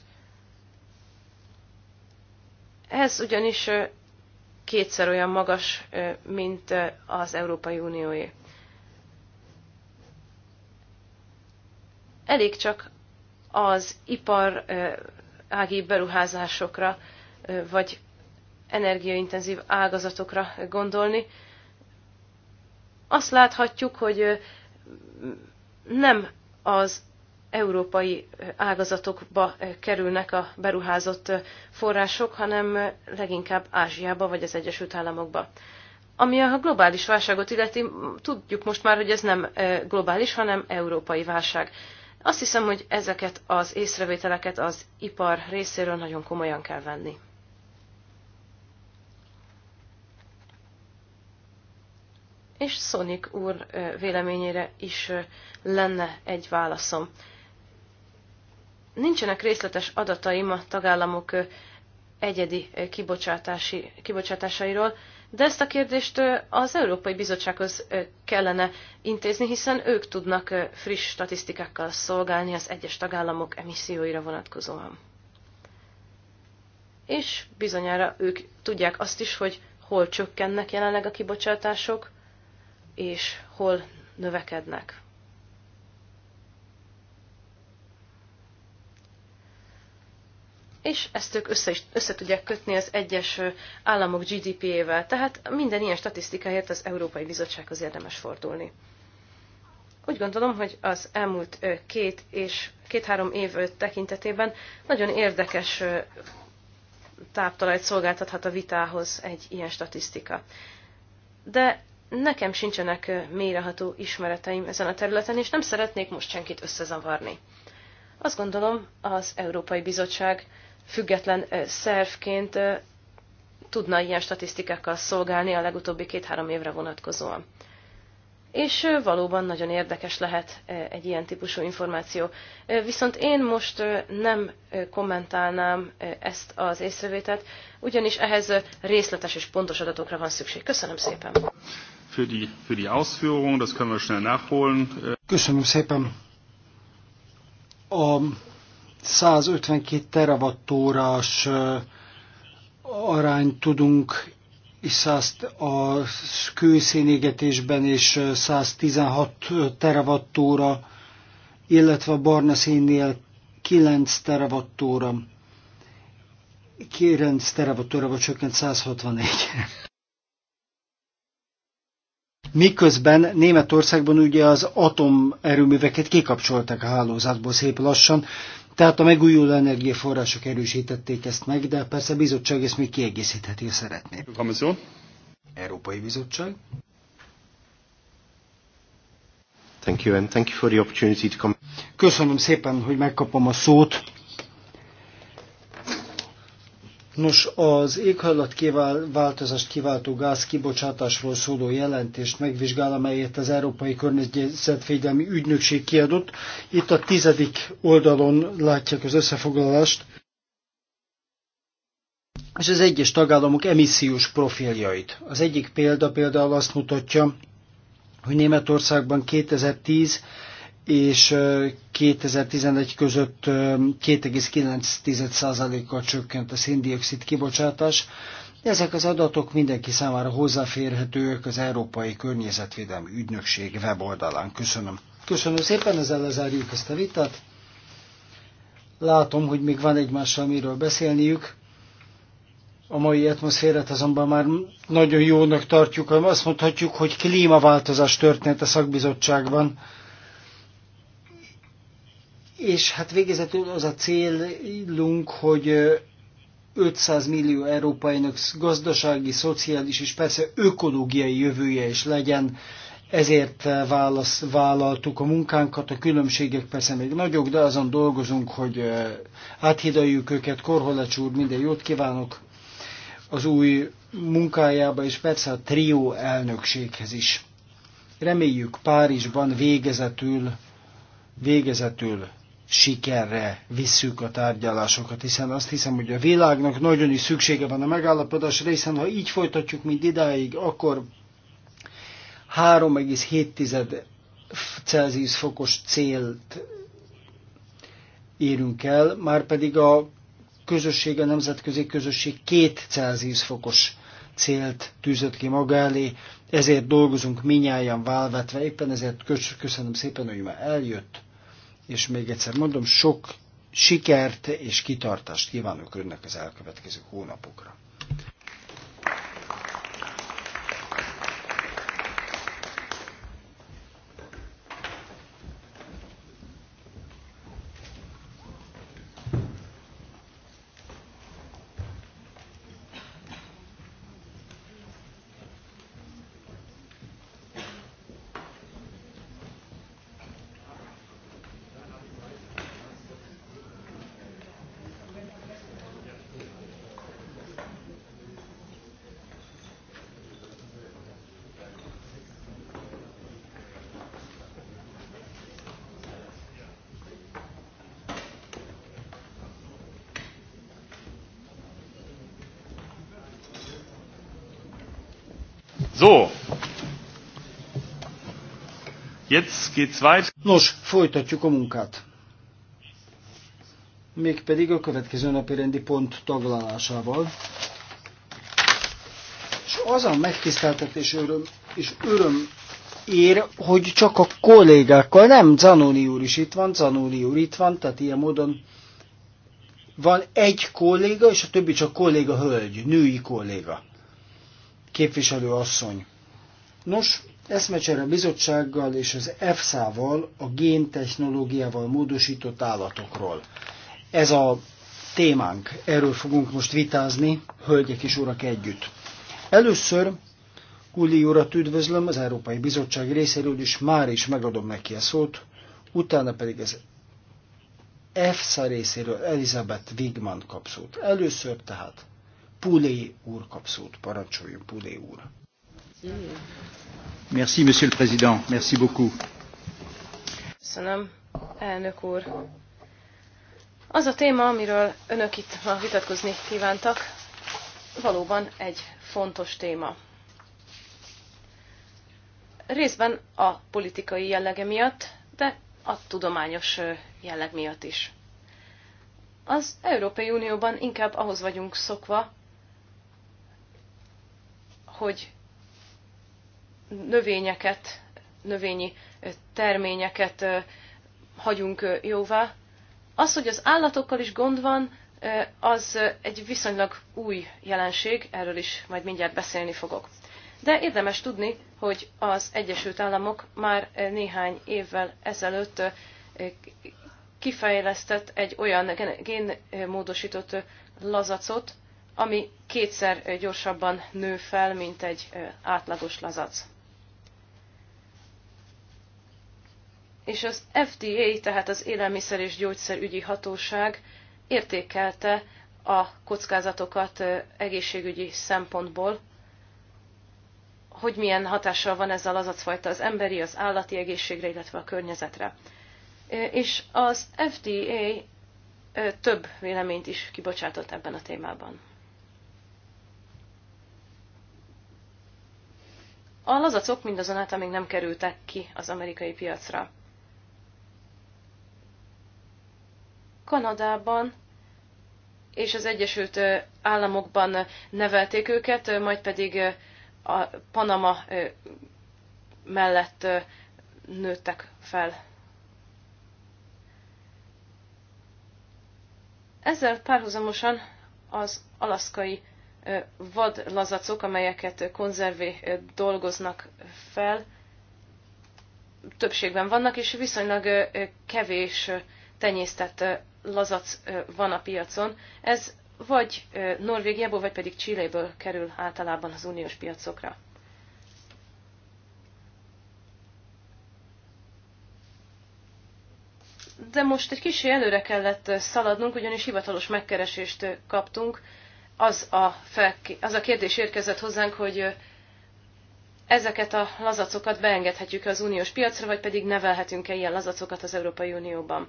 Ez ugyanis kétszer olyan magas, mint az Európai Unióé. Elég csak az ipar ági beruházásokra, vagy energiaintenzív ágazatokra gondolni, azt láthatjuk, hogy nem az európai ágazatokba kerülnek a beruházott források, hanem leginkább Ázsiába vagy az Egyesült Államokba. Ami a globális válságot illeti, tudjuk most már, hogy ez nem globális, hanem európai válság. Azt hiszem, hogy ezeket az észrevételeket az ipar részéről nagyon komolyan kell venni. És Sonic úr véleményére is lenne egy válaszom. Nincsenek részletes adataim a tagállamok egyedi kibocsátási, kibocsátásairól, de ezt a kérdést az Európai Bizottsághoz kellene intézni, hiszen ők tudnak friss statisztikákkal szolgálni az egyes tagállamok emisszióira vonatkozóan. És bizonyára ők tudják azt is, hogy hol csökkennek jelenleg a kibocsátások, és hol növekednek. és ezt ők össze, is, össze tudják kötni az egyes államok GDP-ével. Tehát minden ilyen statisztikáért az Európai Bizottsághoz érdemes fordulni. Úgy gondolom, hogy az elmúlt két és két-három év tekintetében nagyon érdekes táptalajt szolgáltathat a vitához egy ilyen statisztika. De nekem sincsenek mélyreható ismereteim ezen a területen, és nem szeretnék most senkit összezavarni. Azt gondolom, az Európai Bizottság független szervként tudna ilyen statisztikákkal szolgálni a legutóbbi két-három évre vonatkozóan. És valóban nagyon érdekes lehet egy ilyen típusú információ. Viszont én most nem kommentálnám ezt az észrevételt, ugyanis ehhez részletes és pontos adatokra van szükség. Köszönöm szépen! Für die, Ausführung, das können wir schnell nachholen. Köszönöm szépen! A 152 terawattórás arányt tudunk és 100 a kőszénégetésben és 116 terawattóra, illetve a barna szénnél 9 terawattóra, 9 terawattóra, vagy csökkent 161 Miközben Németországban ugye az atomerőműveket kikapcsolták a hálózatból szép lassan, tehát a megújuló energiaforrások erősítették ezt meg, de persze a bizottság ezt még kiegészítheti, ha szeretné. Kommission. Európai Bizottság. Thank you and thank you for the opportunity to come. Köszönöm szépen, hogy megkapom a szót. Nos, az éghajlat változást kiváltó gáz kibocsátásról szóló jelentést megvizsgál, amelyet az Európai Környezetvédelmi Ügynökség kiadott. Itt a tizedik oldalon látják az összefoglalást, és az egyes tagállamok emissziós profiljait. Az egyik példa például azt mutatja, hogy Németországban 2010 és 2011 között 2,9%-kal csökkent a széndiokszid kibocsátás. Ezek az adatok mindenki számára hozzáférhetőek az Európai Környezetvédelmi Ügynökség weboldalán. Köszönöm. Köszönöm szépen, ezzel lezárjuk ezt a vitát. Látom, hogy még van egymással miről beszélniük. A mai atmoszférát azonban már nagyon jónak tartjuk, azt mondhatjuk, hogy klímaváltozás történt a szakbizottságban. És hát végezetül az a célunk, hogy 500 millió európainak gazdasági, szociális és persze ökológiai jövője is legyen. Ezért válasz, vállaltuk a munkánkat, a különbségek persze még nagyok, de azon dolgozunk, hogy áthidaljuk őket. Korholecs úr, minden jót kívánok az új munkájába, és persze a trió elnökséghez is. Reméljük Párizsban végezetül, végezetül sikerre visszük a tárgyalásokat, hiszen azt hiszem, hogy a világnak nagyon is szüksége van a megállapodásra, hiszen ha így folytatjuk, mint idáig, akkor 3,7 Celsius fokos célt érünk el, már pedig a közösség, a nemzetközi közösség két Celsius fokos célt tűzött ki maga elé, ezért dolgozunk minnyáján válvetve, éppen ezért köszönöm szépen, hogy ma eljött, és még egyszer mondom, sok sikert és kitartást kívánok önnek az elkövetkező hónapokra. Nos, folytatjuk a munkát. Mégpedig a következő napi rendi pont taglalásával. És az a megtiszteltetés öröm, és öröm ér, hogy csak a kollégákkal, nem Zanoni úr is itt van, Zanoni úr itt van, tehát ilyen módon van egy kolléga, és a többi csak kolléga hölgy, női kolléga, képviselő asszony. Nos, eszmecsere a bizottsággal és az EFSA-val a géntechnológiával módosított állatokról. Ez a témánk, erről fogunk most vitázni, hölgyek és urak együtt. Először Uli urat üdvözlöm az Európai Bizottság részéről, és már is megadom neki a szót, utána pedig az EFSA részéről Elizabeth Wigman kapszót. Először tehát Pulé úr kapszót, parancsoljon Pulé úr. Merci, Monsieur le Président. Merci beaucoup. Köszönöm, elnök úr. Az a téma, amiről önök itt ma vitatkozni kívántak, valóban egy fontos téma. Részben a politikai jellege miatt, de a tudományos jelleg miatt is. Az Európai Unióban inkább ahhoz vagyunk szokva, hogy növényeket, növényi terményeket hagyunk jóvá. Az, hogy az állatokkal is gond van, az egy viszonylag új jelenség, erről is majd mindjárt beszélni fogok. De érdemes tudni, hogy az Egyesült Államok már néhány évvel ezelőtt kifejlesztett egy olyan génmódosított lazacot, ami kétszer gyorsabban nő fel, mint egy átlagos lazac. és az FDA, tehát az Élelmiszer és Gyógyszerügyi Hatóság értékelte a kockázatokat egészségügyi szempontból, hogy milyen hatással van ezzel az fajta az emberi, az állati egészségre, illetve a környezetre. És az FDA több véleményt is kibocsátott ebben a témában. A lazacok mindazonáltal még nem kerültek ki az amerikai piacra. Kanadában és az Egyesült Államokban nevelték őket, majd pedig a Panama mellett nőttek fel. Ezzel párhuzamosan az alaszkai vadlazacok, amelyeket konzervé dolgoznak fel, többségben vannak, és viszonylag kevés tenyésztett lazac van a piacon. Ez vagy Norvégiából, vagy pedig Chiléből kerül általában az uniós piacokra. De most egy kicsi előre kellett szaladnunk, ugyanis hivatalos megkeresést kaptunk. Az a, fel, az a kérdés érkezett hozzánk, hogy ezeket a lazacokat beengedhetjük az uniós piacra, vagy pedig nevelhetünk-e ilyen lazacokat az Európai Unióban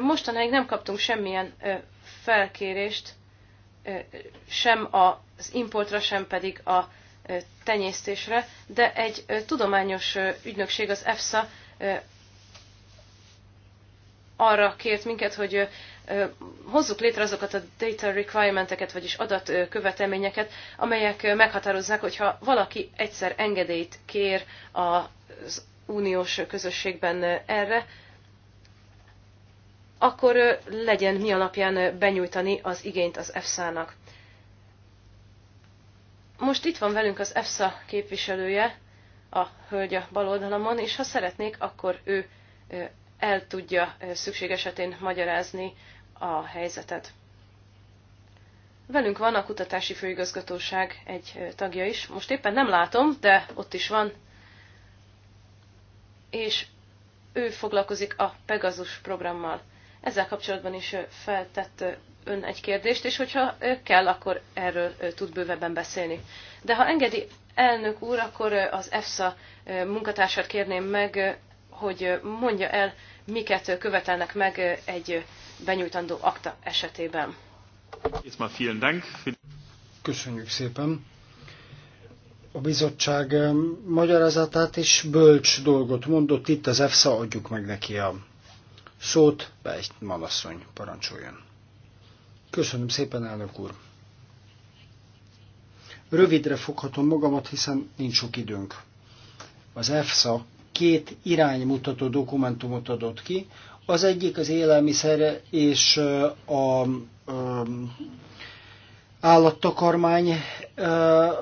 mostanáig nem kaptunk semmilyen felkérést, sem az importra, sem pedig a tenyésztésre, de egy tudományos ügynökség, az EFSA arra kért minket, hogy hozzuk létre azokat a data requirementeket, vagyis adatkövetelményeket, amelyek meghatározzák, hogyha valaki egyszer engedélyt kér az uniós közösségben erre, akkor legyen mi alapján benyújtani az igényt az EFSA-nak. Most itt van velünk az EFSA képviselője, a hölgy a bal oldalamon, és ha szeretnék, akkor ő el tudja szükség esetén magyarázni a helyzetet. Velünk van a kutatási főigazgatóság egy tagja is. Most éppen nem látom, de ott is van. És ő foglalkozik a Pegasus programmal. Ezzel kapcsolatban is feltett ön egy kérdést, és hogyha kell, akkor erről tud bővebben beszélni. De ha engedi elnök úr, akkor az EFSA munkatársát kérném meg, hogy mondja el, miket követelnek meg egy benyújtandó akta esetében. Köszönjük szépen. A bizottság magyarázatát is bölcs dolgot mondott, itt az EFSA adjuk meg neki a szót, egy Malasszony parancsoljon. Köszönöm szépen, elnök úr. Rövidre foghatom magamat, hiszen nincs sok időnk. Az EFSA két iránymutató dokumentumot adott ki, az egyik az élelmiszer és a, a állattakarmány,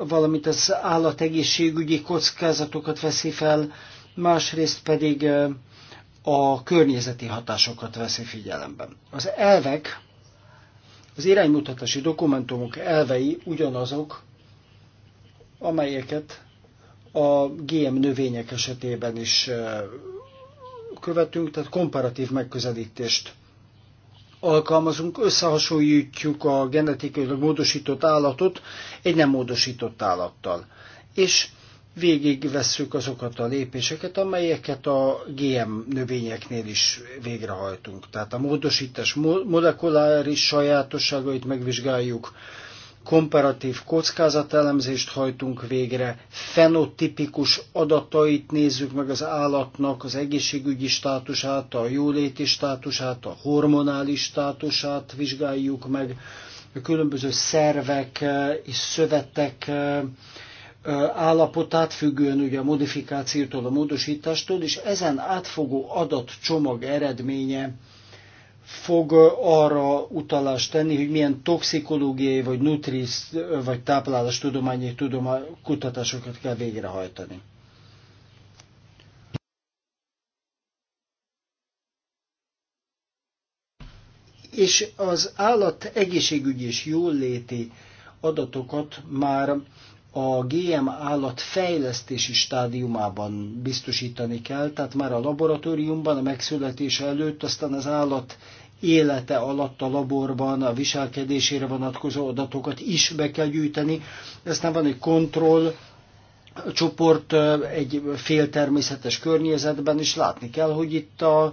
valamint az állategészségügyi kockázatokat veszi fel, másrészt pedig a környezeti hatásokat veszi figyelembe. Az elvek, az iránymutatási dokumentumok elvei ugyanazok, amelyeket a GM növények esetében is követünk, tehát komparatív megközelítést alkalmazunk, összehasonlítjuk a genetikailag módosított állatot egy nem módosított állattal. És végigvesszük azokat a lépéseket, amelyeket a GM növényeknél is végrehajtunk. Tehát a módosítás molekuláris sajátosságait megvizsgáljuk, komparatív kockázatelemzést hajtunk végre, fenotipikus adatait nézzük meg az állatnak, az egészségügyi státusát, a jóléti státusát, a hormonális státusát vizsgáljuk meg, a különböző szervek eh, és szövetek eh, állapotát, függően ugye a modifikációtól, a módosítástól, és ezen átfogó adatcsomag eredménye fog arra utalást tenni, hogy milyen toxikológiai, vagy nutrisz, vagy táplálás tudomány, kutatásokat kell végrehajtani. És az állat egészségügyi és jóléti adatokat már a GM állat fejlesztési stádiumában biztosítani kell, tehát már a laboratóriumban, a megszületése előtt, aztán az állat élete alatt a laborban a viselkedésére vonatkozó adatokat is be kell gyűjteni. Aztán van egy kontroll csoport egy féltermészetes környezetben, és látni kell, hogy itt a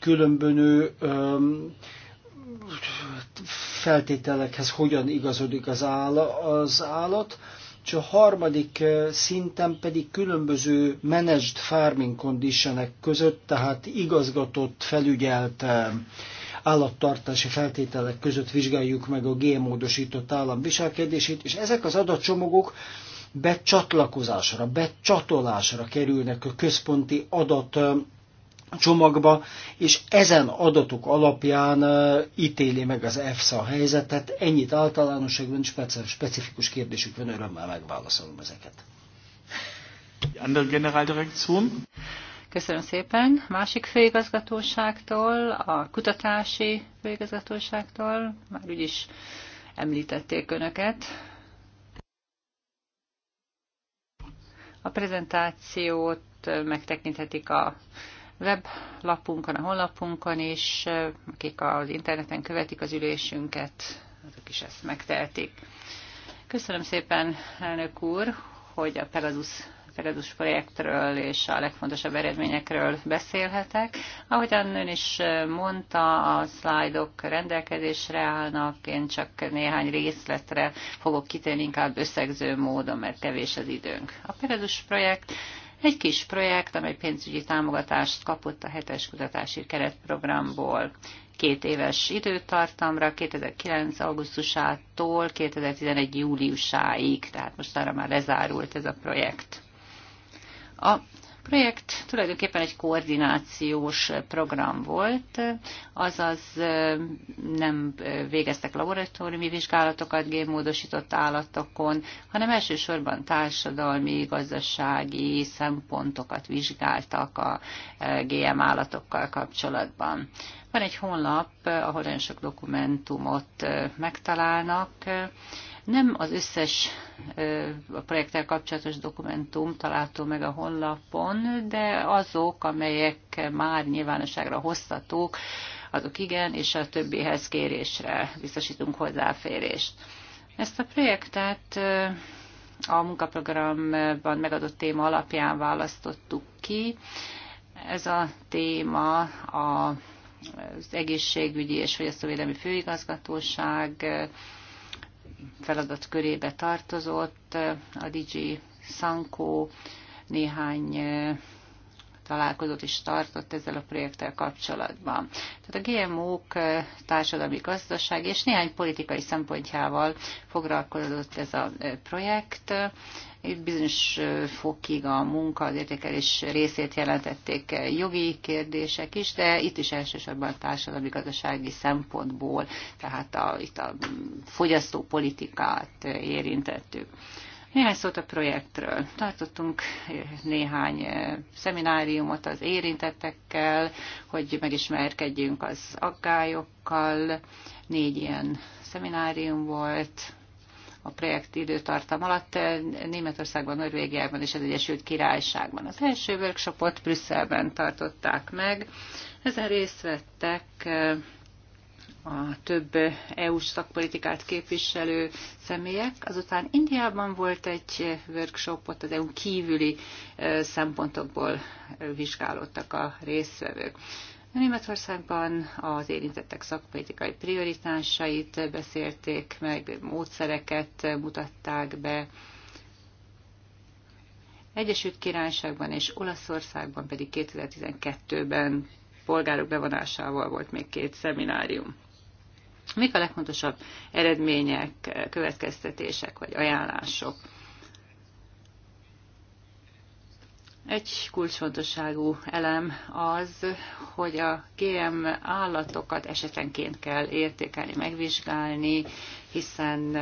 különböző feltételekhez hogyan igazodik az, az állat és a harmadik eh, szinten pedig különböző managed farming conditionek között, tehát igazgatott, felügyelt eh, állattartási feltételek között vizsgáljuk meg a gémódosított állam viselkedését, és ezek az adatcsomagok becsatlakozásra, becsatolásra kerülnek a központi adat eh, csomagba, és ezen adatok alapján ítéli meg az EFSA a helyzetet. Ennyit általánosságban, specifikus kérdésük van, örömmel megválaszolom ezeket. Köszönöm szépen. Másik főigazgatóságtól, a kutatási főigazgatóságtól, már úgyis említették önöket. A prezentációt megtekinthetik a weblapunkon, a honlapunkon is, akik az interneten követik az ülésünket, azok is ezt megtehetik. Köszönöm szépen, elnök úr, hogy a Pegasus Pegasus projektről és a legfontosabb eredményekről beszélhetek. Ahogyan ön is mondta, a szlájdok rendelkezésre állnak, én csak néhány részletre fogok kitérni inkább összegző módon, mert kevés az időnk. A Pegasus projekt egy kis projekt, amely pénzügyi támogatást kapott a hetes kutatási keretprogramból két éves időtartamra, 2009. augusztusától 2011. júliusáig, tehát most arra már lezárult ez a projekt. A projekt tulajdonképpen egy koordinációs program volt, azaz nem végeztek laboratóriumi vizsgálatokat gémmódosított állatokon, hanem elsősorban társadalmi, gazdasági szempontokat vizsgáltak a GM állatokkal kapcsolatban. Van egy honlap, ahol nagyon sok dokumentumot megtalálnak, nem az összes a projekttel kapcsolatos dokumentum található meg a honlapon, de azok, amelyek már nyilvánosságra hoztatók, azok igen, és a többihez kérésre biztosítunk hozzáférést. Ezt a projektet a munkaprogramban megadott téma alapján választottuk ki. Ez a téma a, az egészségügyi és fogyasztóvédelmi főigazgatóság feladat körébe tartozott, a DJ Sankó néhány eh, találkozott is tartott ezzel a projekttel kapcsolatban. Tehát a GMO-k eh, társadalmi gazdaság és néhány politikai szempontjával foglalkozott ez a eh, projekt, bizonyos fokig a munka, az értékelés részét jelentették jogi kérdések is, de itt is elsősorban a társadalmi gazdasági szempontból, tehát a, itt a fogyasztópolitikát érintettük. Néhány szót a projektről. Tartottunk néhány szemináriumot az érintettekkel, hogy megismerkedjünk az aggályokkal. Négy ilyen szeminárium volt, a projekt időtartam alatt eh, Németországban, Norvégiában és az Egyesült Királyságban. Az első workshopot Brüsszelben tartották meg. Ezen részt vettek eh, a több EU-s szakpolitikát képviselő személyek. Azután Indiában volt egy workshop, ott az EU kívüli eh, szempontokból vizsgálódtak a résztvevők. Németországban az érintettek szakpolitikai prioritásait beszélték meg, módszereket mutatták be. Egyesült Királyságban és Olaszországban pedig 2012-ben polgárok bevonásával volt még két szeminárium. Mik a legfontosabb eredmények, következtetések vagy ajánlások? Egy kulcsfontosságú elem az, hogy a GM állatokat esetenként kell értékelni, megvizsgálni, hiszen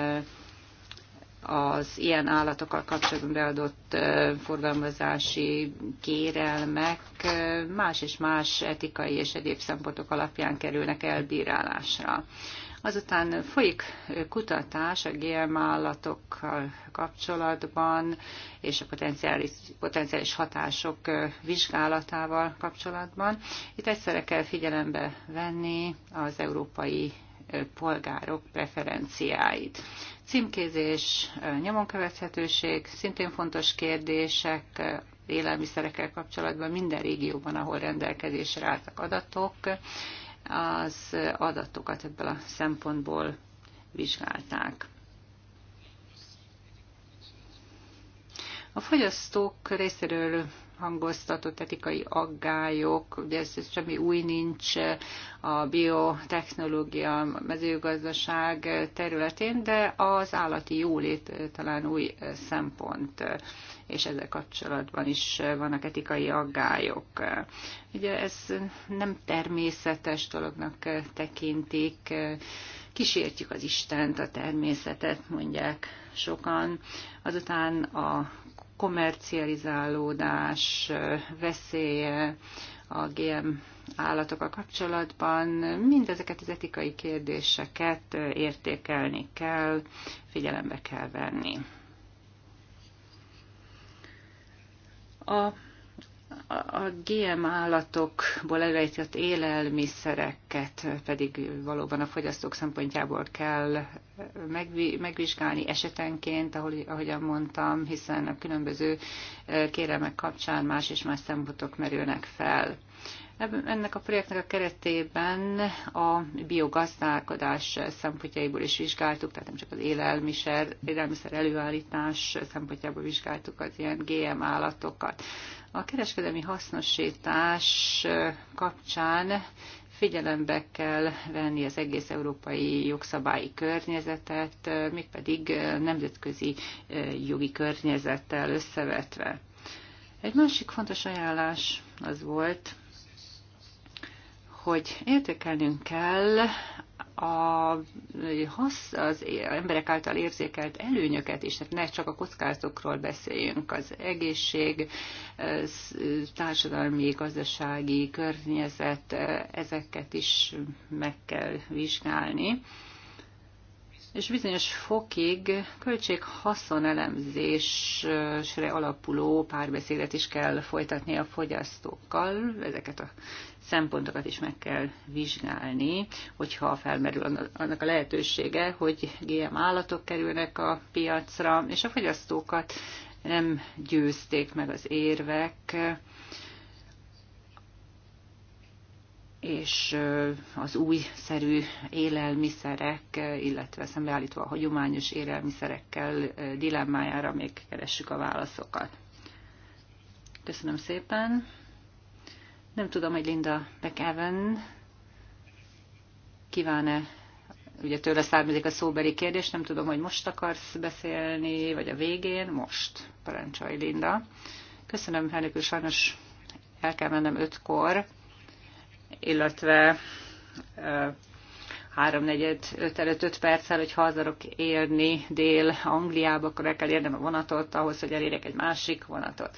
az ilyen állatokkal kapcsolatban beadott forgalmazási kérelmek más és más etikai és egyéb szempontok alapján kerülnek elbírálásra. Azután folyik kutatás a GM állatokkal kapcsolatban, és a potenciális, potenciális hatások vizsgálatával kapcsolatban. Itt egyszerre kell figyelembe venni az európai polgárok preferenciáit. Címkézés, nyomonkövethetőség, szintén fontos kérdések, élelmiszerekkel kapcsolatban minden régióban, ahol rendelkezésre álltak adatok, az adatokat ebből a szempontból vizsgálták. A fogyasztók részéről hangoztatott etikai aggályok, ugye ez, ez semmi új nincs a biotechnológia, mezőgazdaság területén, de az állati jólét talán új szempont és ezzel kapcsolatban is vannak etikai aggályok. Ugye ez nem természetes dolognak tekintik, kísértjük az Istent, a természetet, mondják sokan. Azután a komercializálódás veszélye a GM állatok a kapcsolatban, mindezeket az etikai kérdéseket értékelni kell, figyelembe kell venni. A a GM állatokból elrejtett élelmiszereket pedig valóban a fogyasztók szempontjából kell megvizsgálni esetenként, ahogyan mondtam, hiszen a különböző eh, kérelmek kapcsán más és más szempontok merülnek fel. Ennek a projektnek a keretében a biogazdálkodás szempontjaiból is vizsgáltuk, tehát nem csak az élelmiszer, élelmiszer előállítás szempontjából vizsgáltuk az ilyen GM állatokat. A kereskedelmi hasznosítás kapcsán figyelembe kell venni az egész európai jogszabályi környezetet, mégpedig nemzetközi eh, jogi környezettel összevetve. Egy másik fontos ajánlás az volt, hogy értékelnünk kell a, hasz, az emberek által érzékelt előnyöket is, tehát ne csak a kockázatokról beszéljünk, az egészség, társadalmi, gazdasági, környezet, ezeket is meg kell vizsgálni és bizonyos fokig költség-haszon elemzésre alapuló párbeszédet is kell folytatni a fogyasztókkal, ezeket a szempontokat is meg kell vizsgálni, hogyha felmerül annak a lehetősége, hogy GM állatok kerülnek a piacra, és a fogyasztókat nem győzték meg az érvek, és az újszerű élelmiszerek, illetve szembeállítva a hagyományos élelmiszerekkel dilemmájára még keressük a válaszokat. Köszönöm szépen! Nem tudom, hogy Linda McEwen kíván-e, ugye tőle származik a szóbeli kérdés, nem tudom, hogy most akarsz beszélni, vagy a végén, most. Parancsolj, Linda. Köszönöm, Henrik, úr, sajnos el kell mennem ötkor, illetve háromnegyed, öt előtt öt perccel, hogy ha azarok érni Dél-Angliába, akkor el kell érnem a vonatot ahhoz, hogy elérjek egy másik vonatot.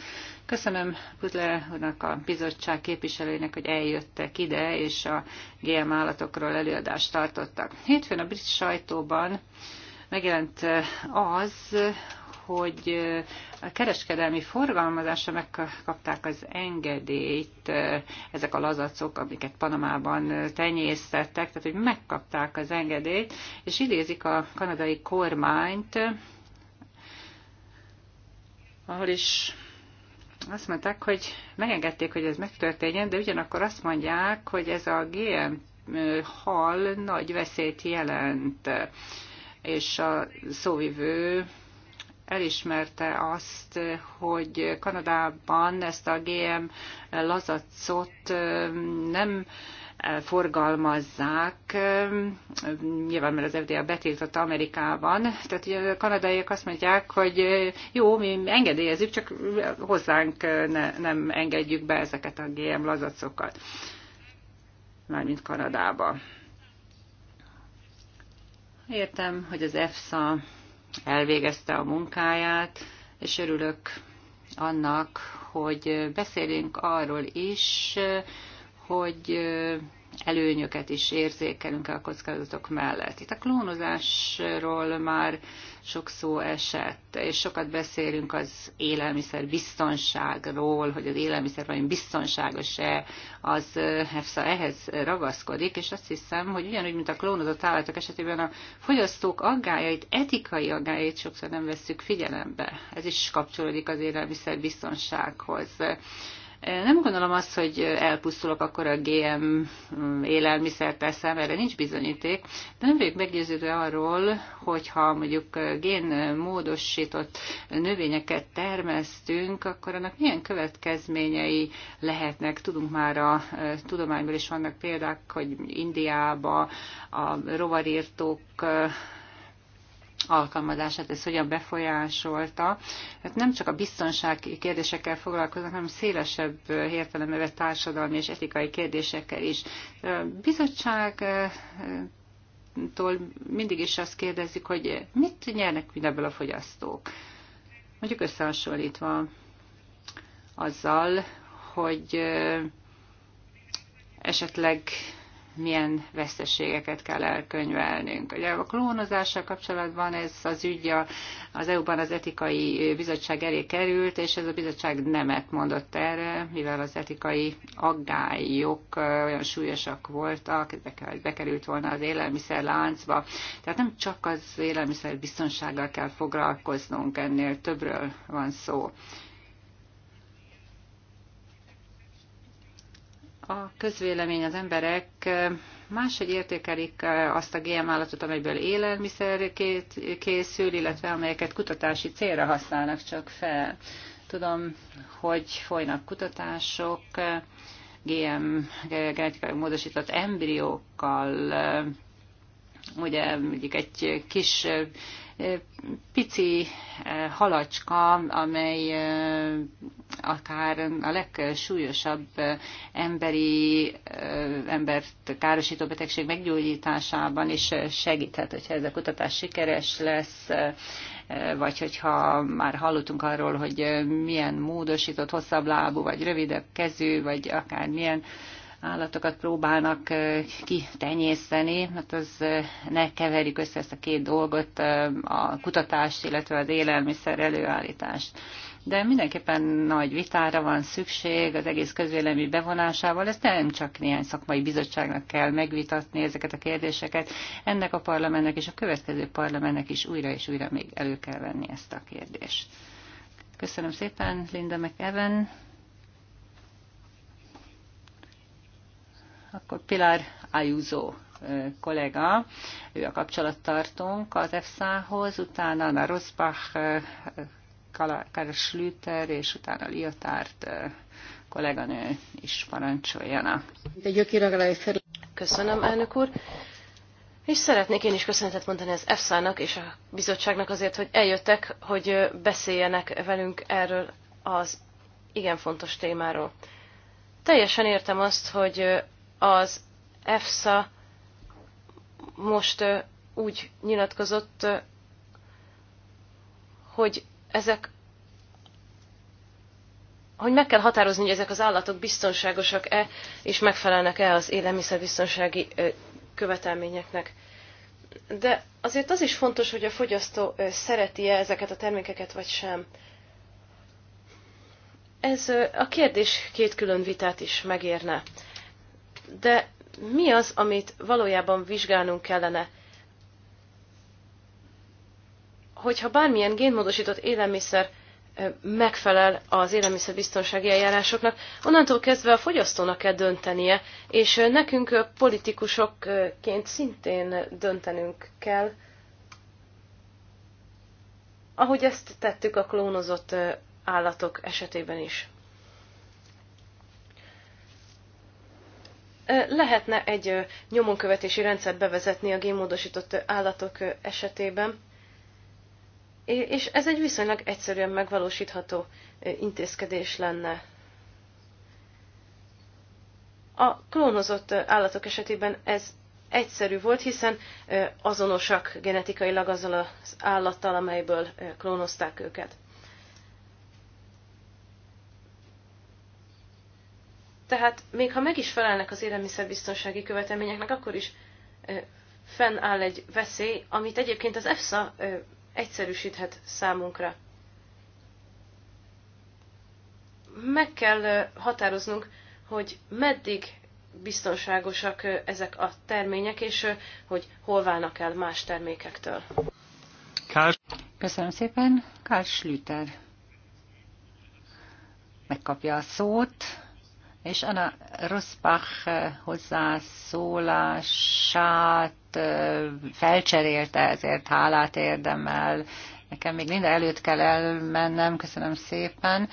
Köszönöm Putler úrnak a bizottság képviselőinek, hogy eljöttek ide, és a GM állatokról előadást tartottak. Hétfőn a brit sajtóban megjelent eh, az, hogy eh, a kereskedelmi forgalmazásra megkapták az engedélyt eh, ezek a lazacok, amiket Panamában eh, tenyésztettek, tehát hogy megkapták az engedélyt, és idézik a kanadai kormányt, ahol is azt mondták, hogy megengedték, hogy ez megtörténjen, de ugyanakkor azt mondják, hogy ez a GM hal nagy veszélyt jelent, és a szóvivő elismerte azt, hogy Kanadában ezt a GM lazacot nem forgalmazzák, nyilván mert az FDA betiltotta Amerikában, tehát ugye a kanadaiak azt mondják, hogy jó, mi engedélyezünk, csak hozzánk ne, nem engedjük be ezeket a GM lazacokat, mármint Kanadába. Értem, hogy az EFSA elvégezte a munkáját, és örülök annak, hogy beszélünk arról is, hogy előnyöket is érzékelünk el a kockázatok mellett. Itt a klónozásról már sok szó esett, és sokat beszélünk az élelmiszer biztonságról, hogy az élelmiszer vajon biztonságos-e, az EFSA ehhez ragaszkodik, és azt hiszem, hogy ugyanúgy, mint a klónozott állatok esetében a fogyasztók aggájait, etikai aggájait sokszor nem vesszük figyelembe. Ez is kapcsolódik az élelmiszer biztonsághoz nem gondolom azt, hogy elpusztulok, akkor a GM élelmiszert teszem, erre nincs bizonyíték, de nem vagyok meggyőződve arról, hogyha mondjuk génmódosított növényeket termesztünk, akkor annak milyen következményei lehetnek. Tudunk már a e, tudományból is vannak példák, hogy Indiába a rovarírtók e, alkalmazását, ez hogyan befolyásolta. Hát nem csak a biztonság kérdésekkel foglalkoznak, hanem szélesebb értelemben társadalmi és etikai kérdésekkel is. bizottság tól mindig is azt kérdezik, hogy mit nyernek mindebből a fogyasztók. Mondjuk összehasonlítva azzal, hogy esetleg milyen veszteségeket kell elkönyvelnünk. Ugye a klónozással kapcsolatban ez az ügy az EU-ban az etikai bizottság elé került, és ez a bizottság nemet mondott erre, mivel az etikai aggályok olyan súlyosak voltak, hogy bekerült volna az élelmiszer láncba. Tehát nem csak az élelmiszer biztonsággal kell foglalkoznunk, ennél többről van szó. a közvélemény, az emberek máshogy értékelik azt a GM állatot, amelyből élelmiszer készül, illetve amelyeket kutatási célra használnak csak fel. Tudom, hogy folynak kutatások, GM genetikai módosított embriókkal, ugye mondjuk egy kis pici eh, halacska, amely eh, akár a legsúlyosabb eh, emberi, embert károsító betegség meggyógyításában is segíthet, hogyha ez a kutatás sikeres lesz, vagy hogyha már hallottunk arról, hogy milyen módosított hosszabb lábú, vagy rövidebb kezű, vagy akár milyen állatokat próbálnak kitenyészteni, hát az ne keverjük össze ezt a két dolgot, a kutatást, illetve az élelmiszer előállítást de mindenképpen nagy vitára van szükség az egész közvélemény bevonásával. Ezt nem csak néhány szakmai bizottságnak kell megvitatni ezeket a kérdéseket. Ennek a parlamentnek és a következő parlamentnek is újra és újra még elő kell venni ezt a kérdést. Köszönöm szépen, Linda McEwen. Akkor Pilar Ayuso kollega, ő a kapcsolattartónk az EFSA-hoz, utána a Rosbach, Karl Schlüter, és utána Liotárt kolléganő is parancsoljanak. Köszönöm, elnök úr. És szeretnék én is köszönetet mondani az EFSA-nak és a bizottságnak azért, hogy eljöttek, hogy beszéljenek velünk erről az igen fontos témáról. Teljesen értem azt, hogy az EFSA most úgy nyilatkozott, hogy ezek hogy meg kell határozni, hogy ezek az állatok biztonságosak-e, és megfelelnek-e az élelmiszerbiztonsági követelményeknek. De azért az is fontos, hogy a fogyasztó szereti-e ezeket a termékeket, vagy sem. Ez a kérdés két külön vitát is megérne de mi az, amit valójában vizsgálnunk kellene? Hogyha bármilyen génmódosított élelmiszer megfelel az élelmiszerbiztonsági eljárásoknak, onnantól kezdve a fogyasztónak kell döntenie, és nekünk politikusokként szintén döntenünk kell, ahogy ezt tettük a klónozott állatok esetében is. lehetne egy nyomonkövetési rendszert bevezetni a génmódosított állatok esetében, és ez egy viszonylag egyszerűen megvalósítható intézkedés lenne. A klónozott állatok esetében ez egyszerű volt, hiszen azonosak genetikailag azzal az állattal, amelyből klónozták őket. Tehát még ha meg is felelnek az élelmiszerbiztonsági követelményeknek, akkor is fennáll egy veszély, amit egyébként az EFSA egyszerűsíthet számunkra. Meg kell határoznunk, hogy meddig biztonságosak ezek a termények, és hogy hol válnak el más termékektől. Köszönöm szépen. Karl Schlüter megkapja a szót és Anna Rosbach eh, hozzászólását eh, felcserélte, ezért hálát érdemel. Nekem még minden előtt kell elmennem, köszönöm szépen.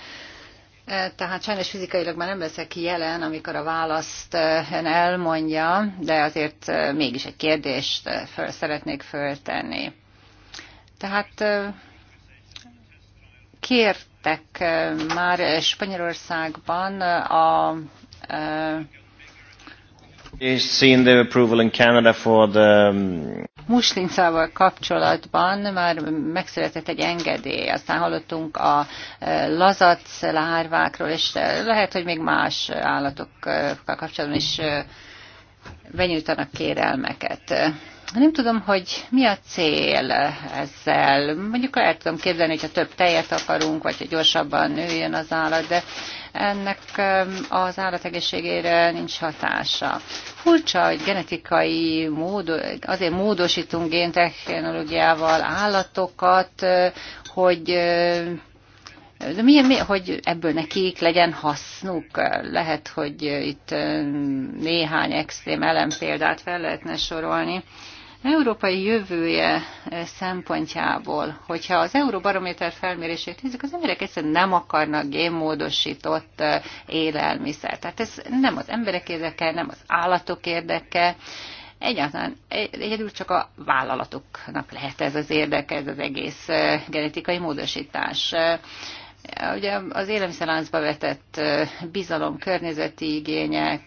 Eh, tehát sajnos fizikailag már nem leszek jelen, amikor a választ ön elmondja, de azért mégis egy kérdést föl, szeretnék föltenni. Tehát kért érintettek eh, már Spanyolországban a, a eh, seen the approval in Canada for the um, Muslinszával kapcsolatban már megszületett egy engedély, aztán hallottunk a eh, lazac lárvákról, és lehet, hogy még más állatokkal kapcsolatban is benyújtanak kérelmeket. Nem tudom, hogy mi a cél ezzel. Mondjuk el tudom képzelni, hogyha több tejet akarunk, vagy hogy gyorsabban nőjön az állat, de ennek az állategészségére nincs hatása. Furcsa, hogy genetikai módo, azért módosítunk géntechnológiával állatokat, hogy de milyen, mi, hogy ebből nekik legyen hasznuk? Lehet, hogy itt néhány extrém elem példát fel lehetne sorolni európai jövője eh, szempontjából, hogyha az Euróbarométer felmérését nézzük, az emberek egyszerűen nem akarnak génmódosított eh, élelmiszer. Tehát ez nem az emberek érdeke, nem az állatok érdeke, egyáltalán egyedül csak a vállalatoknak lehet ez az érdeke, ez az egész eh, genetikai módosítás. Ugye az élelmiszerláncba vetett bizalom, környezeti igények,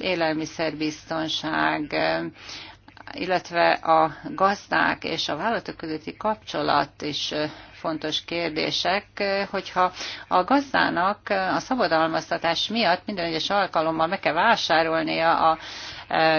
élelmiszerbiztonság, illetve a gazdák és a vállalatok közötti kapcsolat is fontos kérdések, hogyha a gazdának a szabadalmaztatás miatt minden egyes alkalommal meg kell vásárolnia a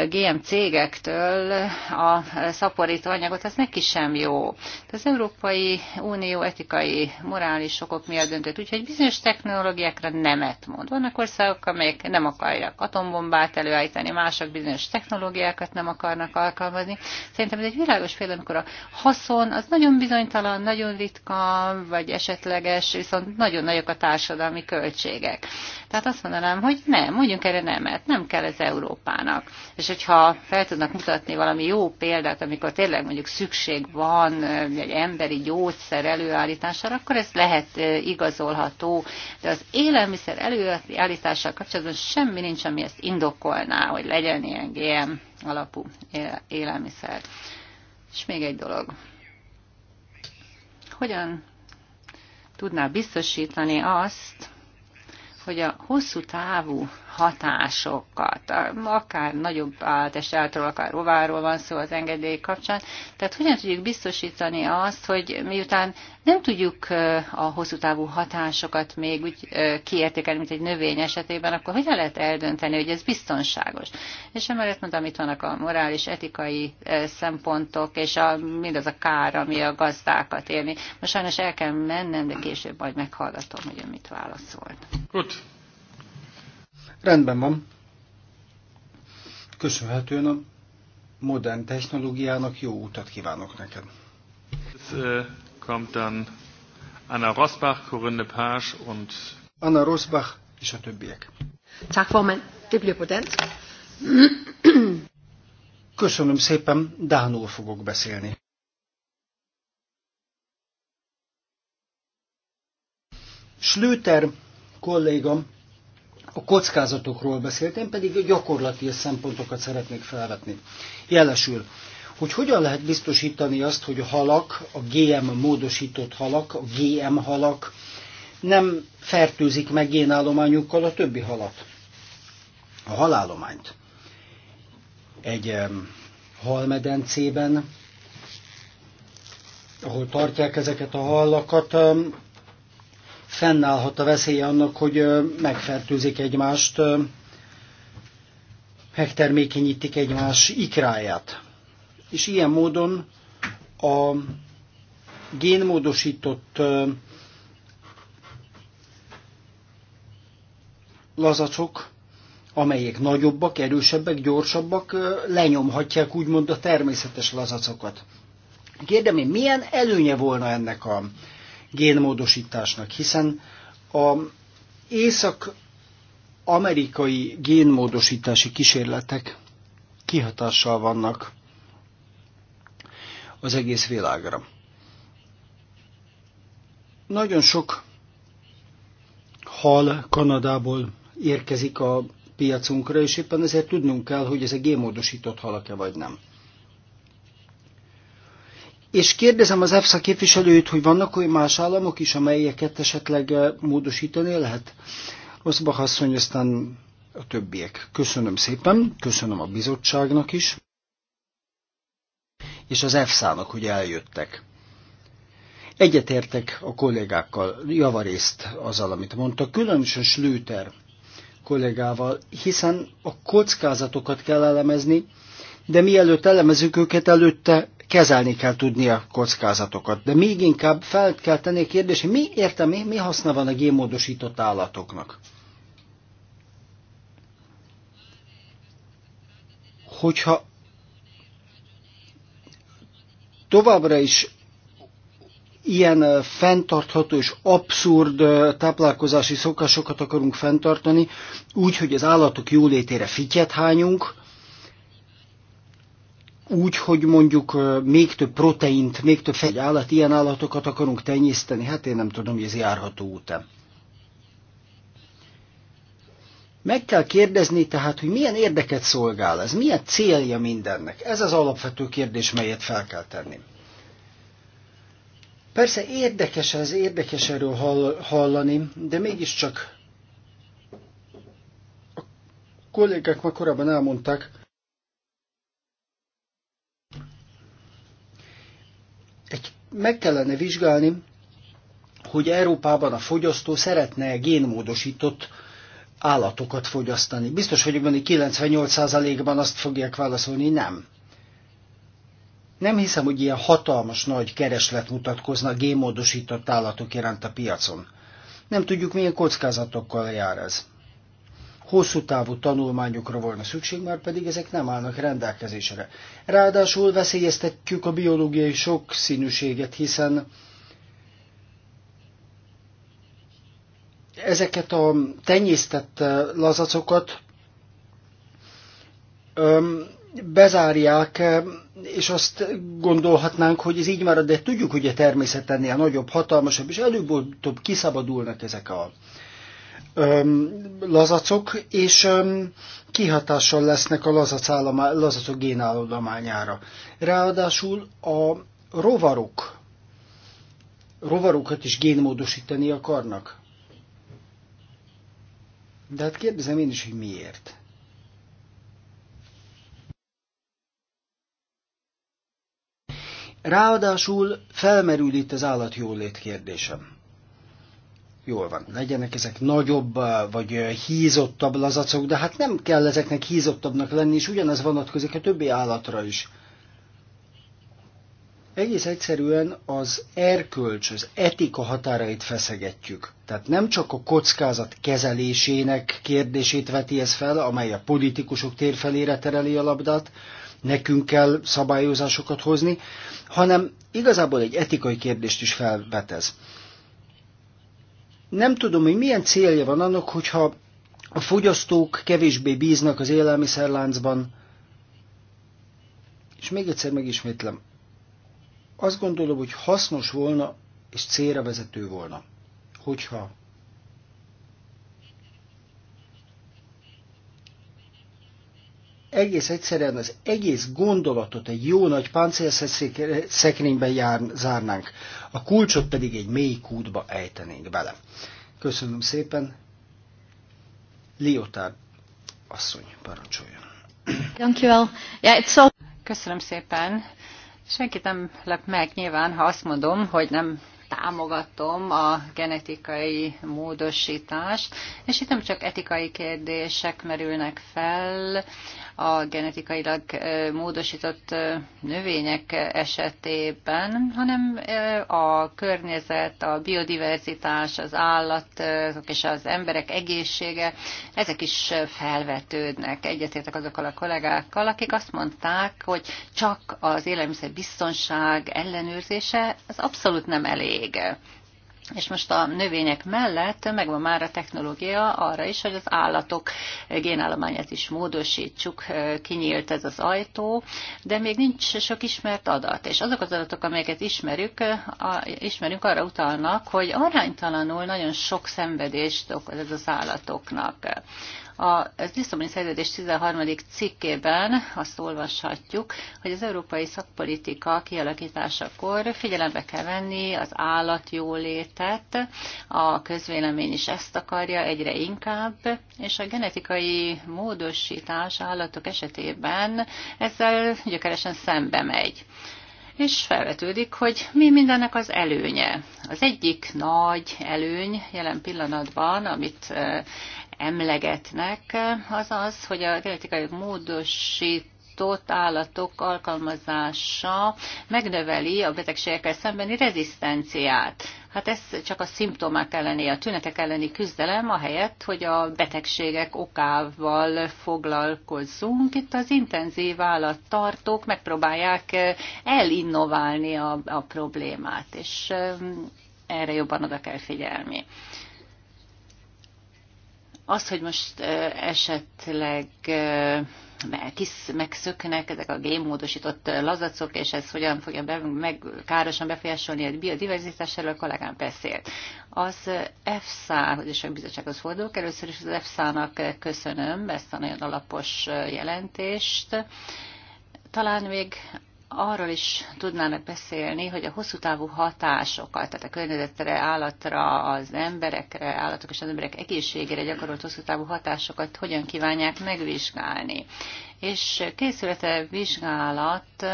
GM cégektől a szaporító anyagot, az neki sem jó. De az Európai Unió etikai, morális okok miatt döntött, úgyhogy bizonyos technológiákra nemet mond. Vannak országok, amelyek nem akarják atombombát előállítani, mások bizonyos technológiákat nem akarnak alkalmazni. Szerintem ez egy világos példa, amikor a haszon az nagyon bizonytalan, nagyon ritka, vagy esetleges, viszont nagyon nagyok a társadalmi költségek. Tehát azt mondanám, hogy nem, mondjunk erre nemet, nem kell ez Európának. És hogyha fel tudnak mutatni valami jó példát, amikor tényleg mondjuk szükség van egy emberi gyógyszer előállítására, akkor ez lehet igazolható. De az élelmiszer előállítással kapcsolatban semmi nincs, ami ezt indokolná, hogy legyen ilyen GM alapú élelmiszer. És még egy dolog. Hogyan tudná biztosítani azt, hogy a hosszú távú hatásokat, akár nagyobb állatestáltról, akár rováról van szó az engedély kapcsán, tehát hogyan tudjuk biztosítani azt, hogy miután nem tudjuk a hosszú távú hatásokat még úgy kiértékelni, mint egy növény esetében, akkor hogyan lehet eldönteni, hogy ez biztonságos? És emellett mondtam, itt vannak a morális, etikai szempontok, és a, mindaz a kár, ami a gazdákat érni. Most sajnos el kell mennem, de később majd meghallgatom, hogy ön mit válaszolt. Good. Rendben van. Köszönhetően a modern technológiának jó utat kívánok neked. Äh, Anna Rosbach, Corinne Page und... Anna Rosbach és a többiek. Köszönöm szépen, Dánul fogok beszélni. Schlüter kollégam a kockázatokról beszélt, én pedig a gyakorlati szempontokat szeretnék felvetni. Jelesül, hogy hogyan lehet biztosítani azt, hogy a halak, a GM módosított halak, a GM halak nem fertőzik meg génállományukkal a többi halat, a halállományt. Egy halmedencében, ahol tartják ezeket a hallakat, fennállhat a veszélye annak, hogy megfertőzik egymást, megtermékenyítik egymás ikráját. És ilyen módon a génmódosított lazacok, amelyek nagyobbak, erősebbek, gyorsabbak, lenyomhatják úgymond a természetes lazacokat. Kérdem én, milyen előnye volna ennek a génmódosításnak, hiszen a észak-amerikai génmódosítási kísérletek kihatással vannak az egész világra. Nagyon sok hal Kanadából érkezik a piacunkra, és éppen ezért tudnunk kell, hogy ezek gémódosított halak-e vagy nem. És kérdezem az EFSA képviselőjét, hogy vannak olyan más államok is, amelyeket esetleg eh, módosítani lehet? Oszbach asszony, aztán a többiek. Köszönöm szépen, köszönöm a bizottságnak is, és az EFSA-nak, hogy eljöttek. Egyetértek a kollégákkal javarészt azzal, amit mondta, különösen Slüter kollégával, hiszen a kockázatokat kell elemezni, de mielőtt elemezünk őket, előtte kezelni kell tudni a kockázatokat. De még inkább fel kell tenni a kérdést, hogy mi értem, mi, mi haszna van a gémódosított állatoknak? Hogyha továbbra is ilyen fenntartható és abszurd táplálkozási szokásokat akarunk fenntartani, úgy, hogy az állatok jólétére fityet hányunk, úgy, hogy mondjuk még több proteint, még több egy állat, ilyen állatokat akarunk tenyészteni, hát én nem tudom, hogy ez járható út Meg kell kérdezni tehát, hogy milyen érdeket szolgál ez, milyen célja mindennek. Ez az alapvető kérdés, melyet fel kell tenni. Persze érdekes ez, érdekes erről hallani, de mégiscsak a kollégák már korábban elmondták, egy, meg kellene vizsgálni, hogy Európában a fogyasztó szeretne -e génmódosított állatokat fogyasztani. Biztos vagyok benne, hogy 98%-ban azt fogják válaszolni, nem. Nem hiszem, hogy ilyen hatalmas nagy kereslet mutatkozna génmódosított állatok iránt a piacon. Nem tudjuk, milyen kockázatokkal jár ez hosszú távú tanulmányokra volna szükség, mert pedig ezek nem állnak rendelkezésre. Ráadásul veszélyeztetjük a biológiai sokszínűséget, hiszen ezeket a tenyésztett eh, lazacokat öm, bezárják, eh, és azt gondolhatnánk, hogy ez így marad, de tudjuk, hogy a természet ennél nagyobb, hatalmasabb, és előbb-utóbb kiszabadulnak ezek a lazacok, és kihatással lesznek a lazac állama, lazacok génállományára. Ráadásul a rovarok, rovarokat is génmódosítani akarnak. De hát kérdezem én is, hogy miért. Ráadásul felmerül itt az állatjólét kérdésem. Jól van, legyenek ezek nagyobb eh, vagy eh, hízottabb lazacok, de hát nem kell ezeknek hízottabbnak lenni, és ugyanez vonatkozik a többi állatra is. Egész egyszerűen az erkölcs, az etika határait feszegetjük. Tehát nem csak a kockázat kezelésének kérdését veti ez fel, amely a politikusok térfelére tereli a labdát, nekünk kell szabályozásokat hozni, hanem igazából egy etikai kérdést is felvetez. Nem tudom, hogy milyen célja van annak, hogyha a fogyasztók kevésbé bíznak az élelmiszerláncban. És még egyszer megismétlem, azt gondolom, hogy hasznos volna és célra vezető volna, hogyha egész egyszerűen az egész gondolatot egy jó nagy páncélszekrénybe zárnánk, a kulcsot pedig egy mély kútba ejtenénk bele. Köszönöm szépen. Liotár asszony, parancsoljon. Köszönöm szépen. Senkit nem lep meg nyilván, ha azt mondom, hogy nem támogatom a genetikai módosítást, és itt nem csak etikai kérdések merülnek fel, a genetikailag módosított növények esetében, hanem a környezet, a biodiverzitás, az állatok és az emberek egészsége, ezek is felvetődnek. Egyetértek azokkal a kollégákkal, akik azt mondták, hogy csak az élelmiszer biztonság ellenőrzése az abszolút nem elég és most a növények mellett megvan már a technológia arra is, hogy az állatok génállományát is módosítsuk, kinyílt ez az ajtó, de még nincs sok ismert adat. És azok az adatok, amelyeket ismerjük, ismerünk, arra utalnak, hogy aránytalanul nagyon sok szenvedést okoz ez az állatoknak. A Lisszaboni Szerződés 13. cikkében azt olvashatjuk, hogy az európai szakpolitika kialakításakor figyelembe kell venni az állatjólétet, a közvélemény is ezt akarja egyre inkább, és a genetikai módosítás állatok esetében ezzel gyökeresen szembe megy és felvetődik, hogy mi mindennek az előnye. Az egyik nagy előny jelen pillanatban, amit eh, emlegetnek, eh, az az, hogy a genetikai módosít fogyasztott állatok alkalmazása megnöveli a betegségekkel szembeni rezisztenciát. Hát ez csak a szimptomák elleni, a tünetek elleni küzdelem, ahelyett, hogy a betegségek okával foglalkozzunk. Itt az intenzív állattartók megpróbálják eh, elinnoválni a, a problémát, és eh, erre jobban oda kell figyelni. Az, hogy most eh, esetleg kis megszöknek ezek a gémódosított lazacok, és ez hogyan fogja be, meg, károsan befolyásolni a biodiverzitás, erről a kollégám beszélt. Az efsa hogy is a bizottsághoz fordulok. Először is az EFSA-nak köszönöm ezt a nagyon alapos jelentést. Talán még arról is tudnának beszélni, hogy a hosszú távú hatásokat, tehát a környezetre, állatra, az emberekre, állatok és az emberek egészségére gyakorolt hosszú távú hatásokat hogyan kívánják megvizsgálni. És készülete vizsgálat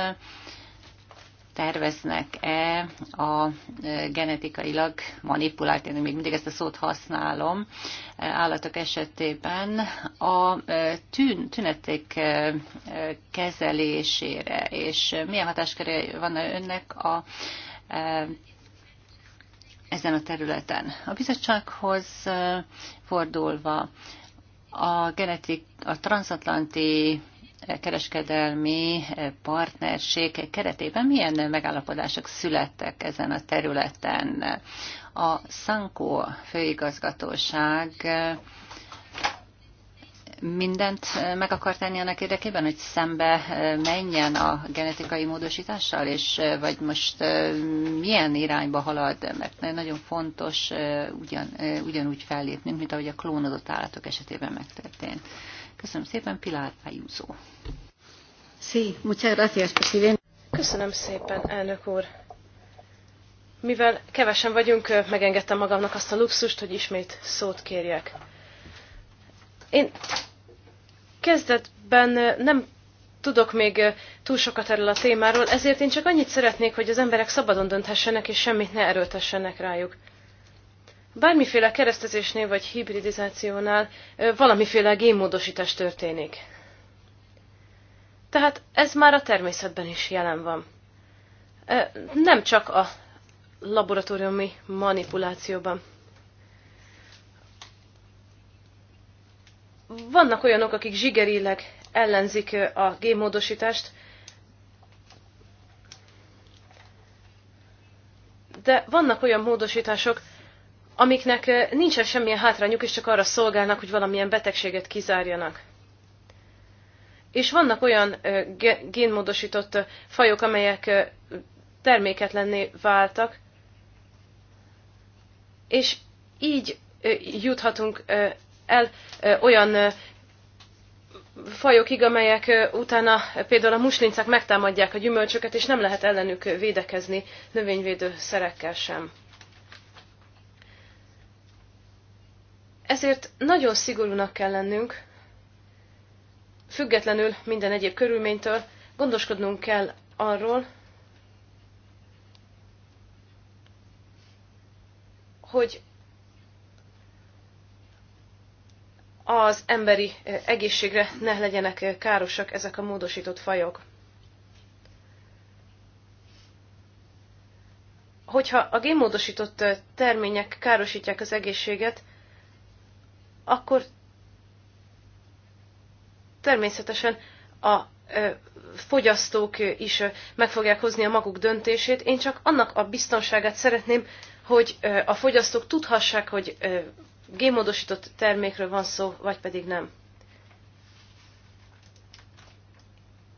terveznek-e a e, genetikailag manipulált, én még mindig ezt a szót használom, e, állatok esetében a e, tűn, tünetek kezelésére, és milyen hatáskörű van önnek a ezen a területen. A bizottsághoz fordulva a, genetik, a transatlanti kereskedelmi partnerség keretében milyen megállapodások születtek ezen a területen. A Szankó főigazgatóság mindent meg akar tenni annak érdekében, hogy szembe menjen a genetikai módosítással, és vagy most milyen irányba halad, mert nagyon fontos ugyan, ugyanúgy fellépnünk, mint ahogy a klónozott állatok esetében megtörtént. Köszönöm szépen, Pilar Ayuso. Sí, muchas gracias, presidente. Köszönöm szépen, elnök úr. Mivel kevesen vagyunk, megengedtem magamnak azt a luxust, hogy ismét szót kérjek. Én kezdetben nem tudok még túl sokat erről a témáról, ezért én csak annyit szeretnék, hogy az emberek szabadon dönthessenek, és semmit ne erőltessenek rájuk bármiféle keresztezésnél vagy hibridizációnál valamiféle génmódosítás történik. Tehát ez már a természetben is jelen van. Nem csak a laboratóriumi manipulációban. Vannak olyanok, akik zsigerileg ellenzik a génmódosítást, de vannak olyan módosítások, amiknek nincsen semmilyen hátrányuk, és csak arra szolgálnak, hogy valamilyen betegséget kizárjanak. És vannak olyan génmódosított fajok, amelyek terméketlenné váltak, és így juthatunk el olyan fajokig, amelyek utána például a muslincák megtámadják a gyümölcsöket, és nem lehet ellenük védekezni szerekkel sem. Ezért nagyon szigorúnak kell lennünk, függetlenül minden egyéb körülménytől, gondoskodnunk kell arról, hogy az emberi egészségre ne legyenek károsak ezek a módosított fajok. Hogyha a génmódosított termények károsítják az egészséget, akkor természetesen a fogyasztók is meg fogják hozni a maguk döntését. Én csak annak a biztonságát szeretném, hogy a fogyasztók tudhassák, hogy gémódosított termékről van szó, vagy pedig nem.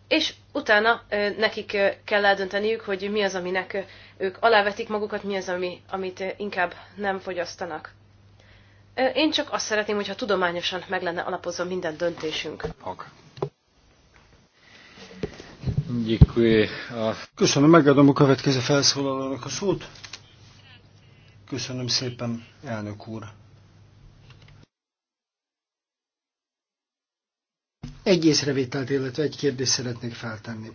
És utána nekik kell eldönteniük, hogy mi az, aminek ők alávetik magukat, mi az, ami, amit inkább nem fogyasztanak. Én csak azt szeretném, hogyha tudományosan meg lenne alapozva minden döntésünk. Hag. Köszönöm, megadom a következő felszólalónak a szót. Köszönöm szépen, elnök úr. Egy észrevételt, illetve egy kérdést szeretnék feltenni.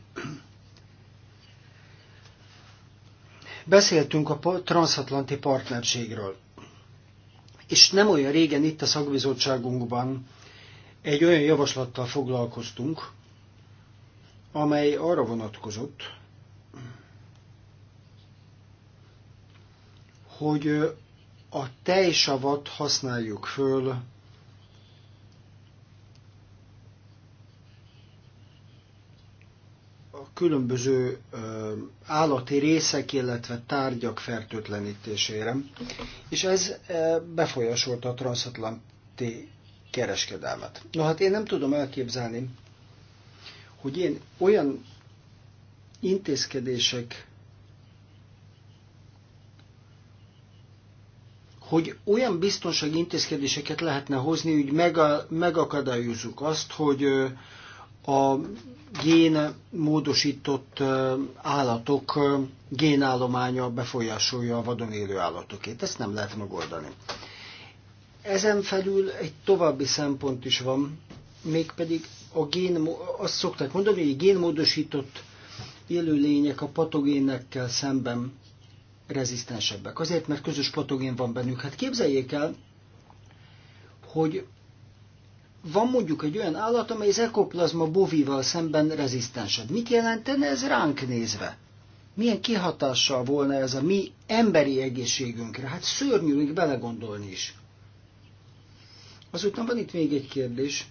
Beszéltünk a transatlanti partnerségről és nem olyan régen itt a szakbizottságunkban egy olyan javaslattal foglalkoztunk, amely arra vonatkozott, hogy a tejsavat használjuk föl különböző állati részek, illetve tárgyak fertőtlenítésére, és ez befolyásolta a transatlanti kereskedelmet. Na hát én nem tudom elképzelni, hogy én olyan intézkedések, hogy olyan biztonsági intézkedéseket lehetne hozni, hogy megakadályozzuk azt, hogy a gén módosított állatok génállománya befolyásolja a vadon élő állatokét. Ezt nem lehet megoldani. Ezen felül egy további szempont is van, mégpedig a gén, azt szokták mondani, hogy a génmódosított élőlények a patogénekkel szemben rezisztensebbek. Azért, mert közös patogén van bennük. Hát képzeljék el, hogy van mondjuk egy olyan állat, amely az ekoplazma bovival szemben rezisztensebb. Mit jelentene ez ránk nézve? Milyen kihatással volna ez a mi emberi egészségünkre? Hát szörnyű hogy belegondolni is. Azután van itt még egy kérdés,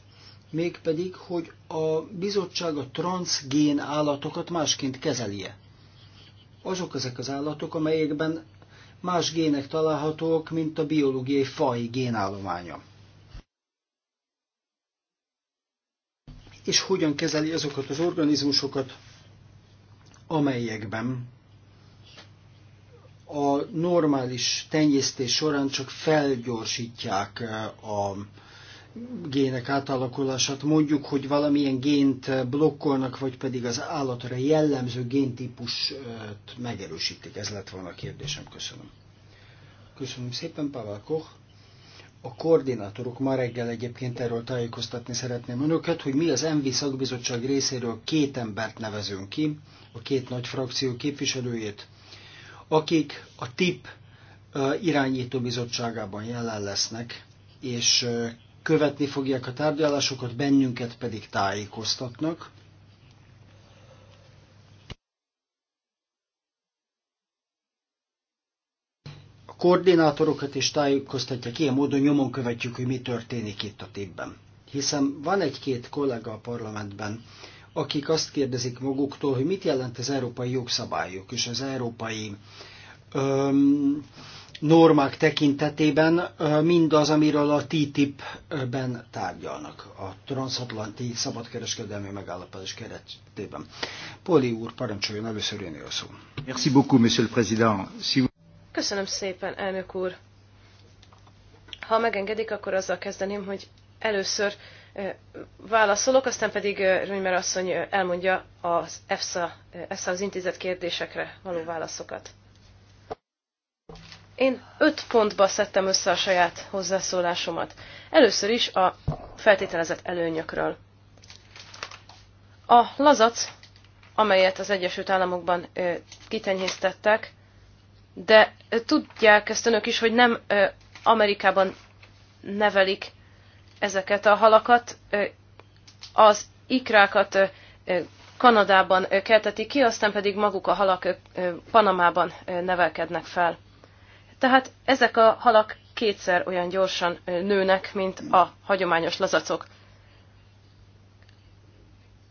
mégpedig, hogy a bizottság a transgén állatokat másként kezelie. Azok ezek az állatok, amelyekben más gének találhatók, mint a biológiai faj génállománya. és hogyan kezeli azokat az organizmusokat, amelyekben a normális tenyésztés során csak felgyorsítják eh, a gének átalakulását. Mondjuk, hogy valamilyen gént blokkolnak, vagy pedig az állatra jellemző géntípust eh, megerősítik. Ez lett volna a kérdésem. Köszönöm. Köszönöm szépen, Pavel Koch a koordinátorok ma reggel egyébként erről tájékoztatni szeretném önöket, hogy mi az MV szakbizottság részéről két embert nevezünk ki, a két nagy frakció képviselőjét, akik a TIP irányító bizottságában jelen lesznek, és követni fogják a tárgyalásokat, bennünket pedig tájékoztatnak. koordinátorokat is tájékoztatják, ilyen módon nyomon követjük, hogy mi történik itt a tépben. Hiszen van egy-két kollega a parlamentben, akik azt kérdezik maguktól, hogy mit jelent az európai jogszabályok és az európai öm, normák tekintetében mindaz, amiről a TTIP-ben tárgyalnak, a transatlanti szabadkereskedelmi megállapodás keretében. Poli úr, parancsoljon először jönni a szó. Merci beaucoup, monsieur le président. Si... Köszönöm szépen, elnök úr. Ha megengedik, akkor azzal kezdeném, hogy először válaszolok, aztán pedig Rönymer asszony elmondja az EFSA, EFSA az intézet kérdésekre való válaszokat. Én öt pontba szedtem össze a saját hozzászólásomat. Először is a feltételezett előnyökről. A lazac, amelyet az Egyesült Államokban kitenyésztettek, de tudják ezt önök is, hogy nem Amerikában nevelik ezeket a halakat, az ikrákat Kanadában keltetik ki, aztán pedig maguk a halak Panamában nevelkednek fel. Tehát ezek a halak kétszer olyan gyorsan nőnek, mint a hagyományos lazacok.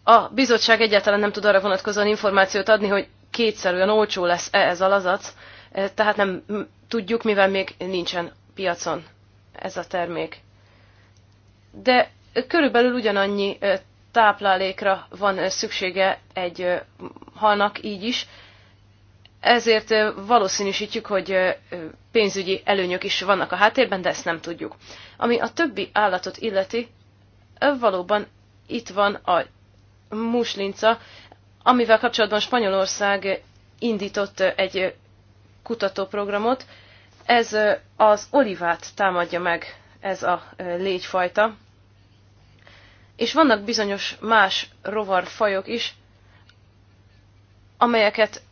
A bizottság egyáltalán nem tud arra vonatkozóan információt adni, hogy kétszer olyan olcsó lesz -e ez a lazac, Eh, tehát nem tudjuk, mivel még nincsen piacon ez a termék. De körülbelül ugyanannyi eh, táplálékra van eh, szüksége egy halnak így is, ezért valószínűsítjük, hogy pénzügyi előnyök is vannak a háttérben, de ezt nem tudjuk. Ami a többi állatot illeti, valóban itt van a muslinca, amivel kapcsolatban Spanyolország indított egy kutatóprogramot. Ez az olivát támadja meg ez a légyfajta. És vannak bizonyos más rovarfajok is, amelyeket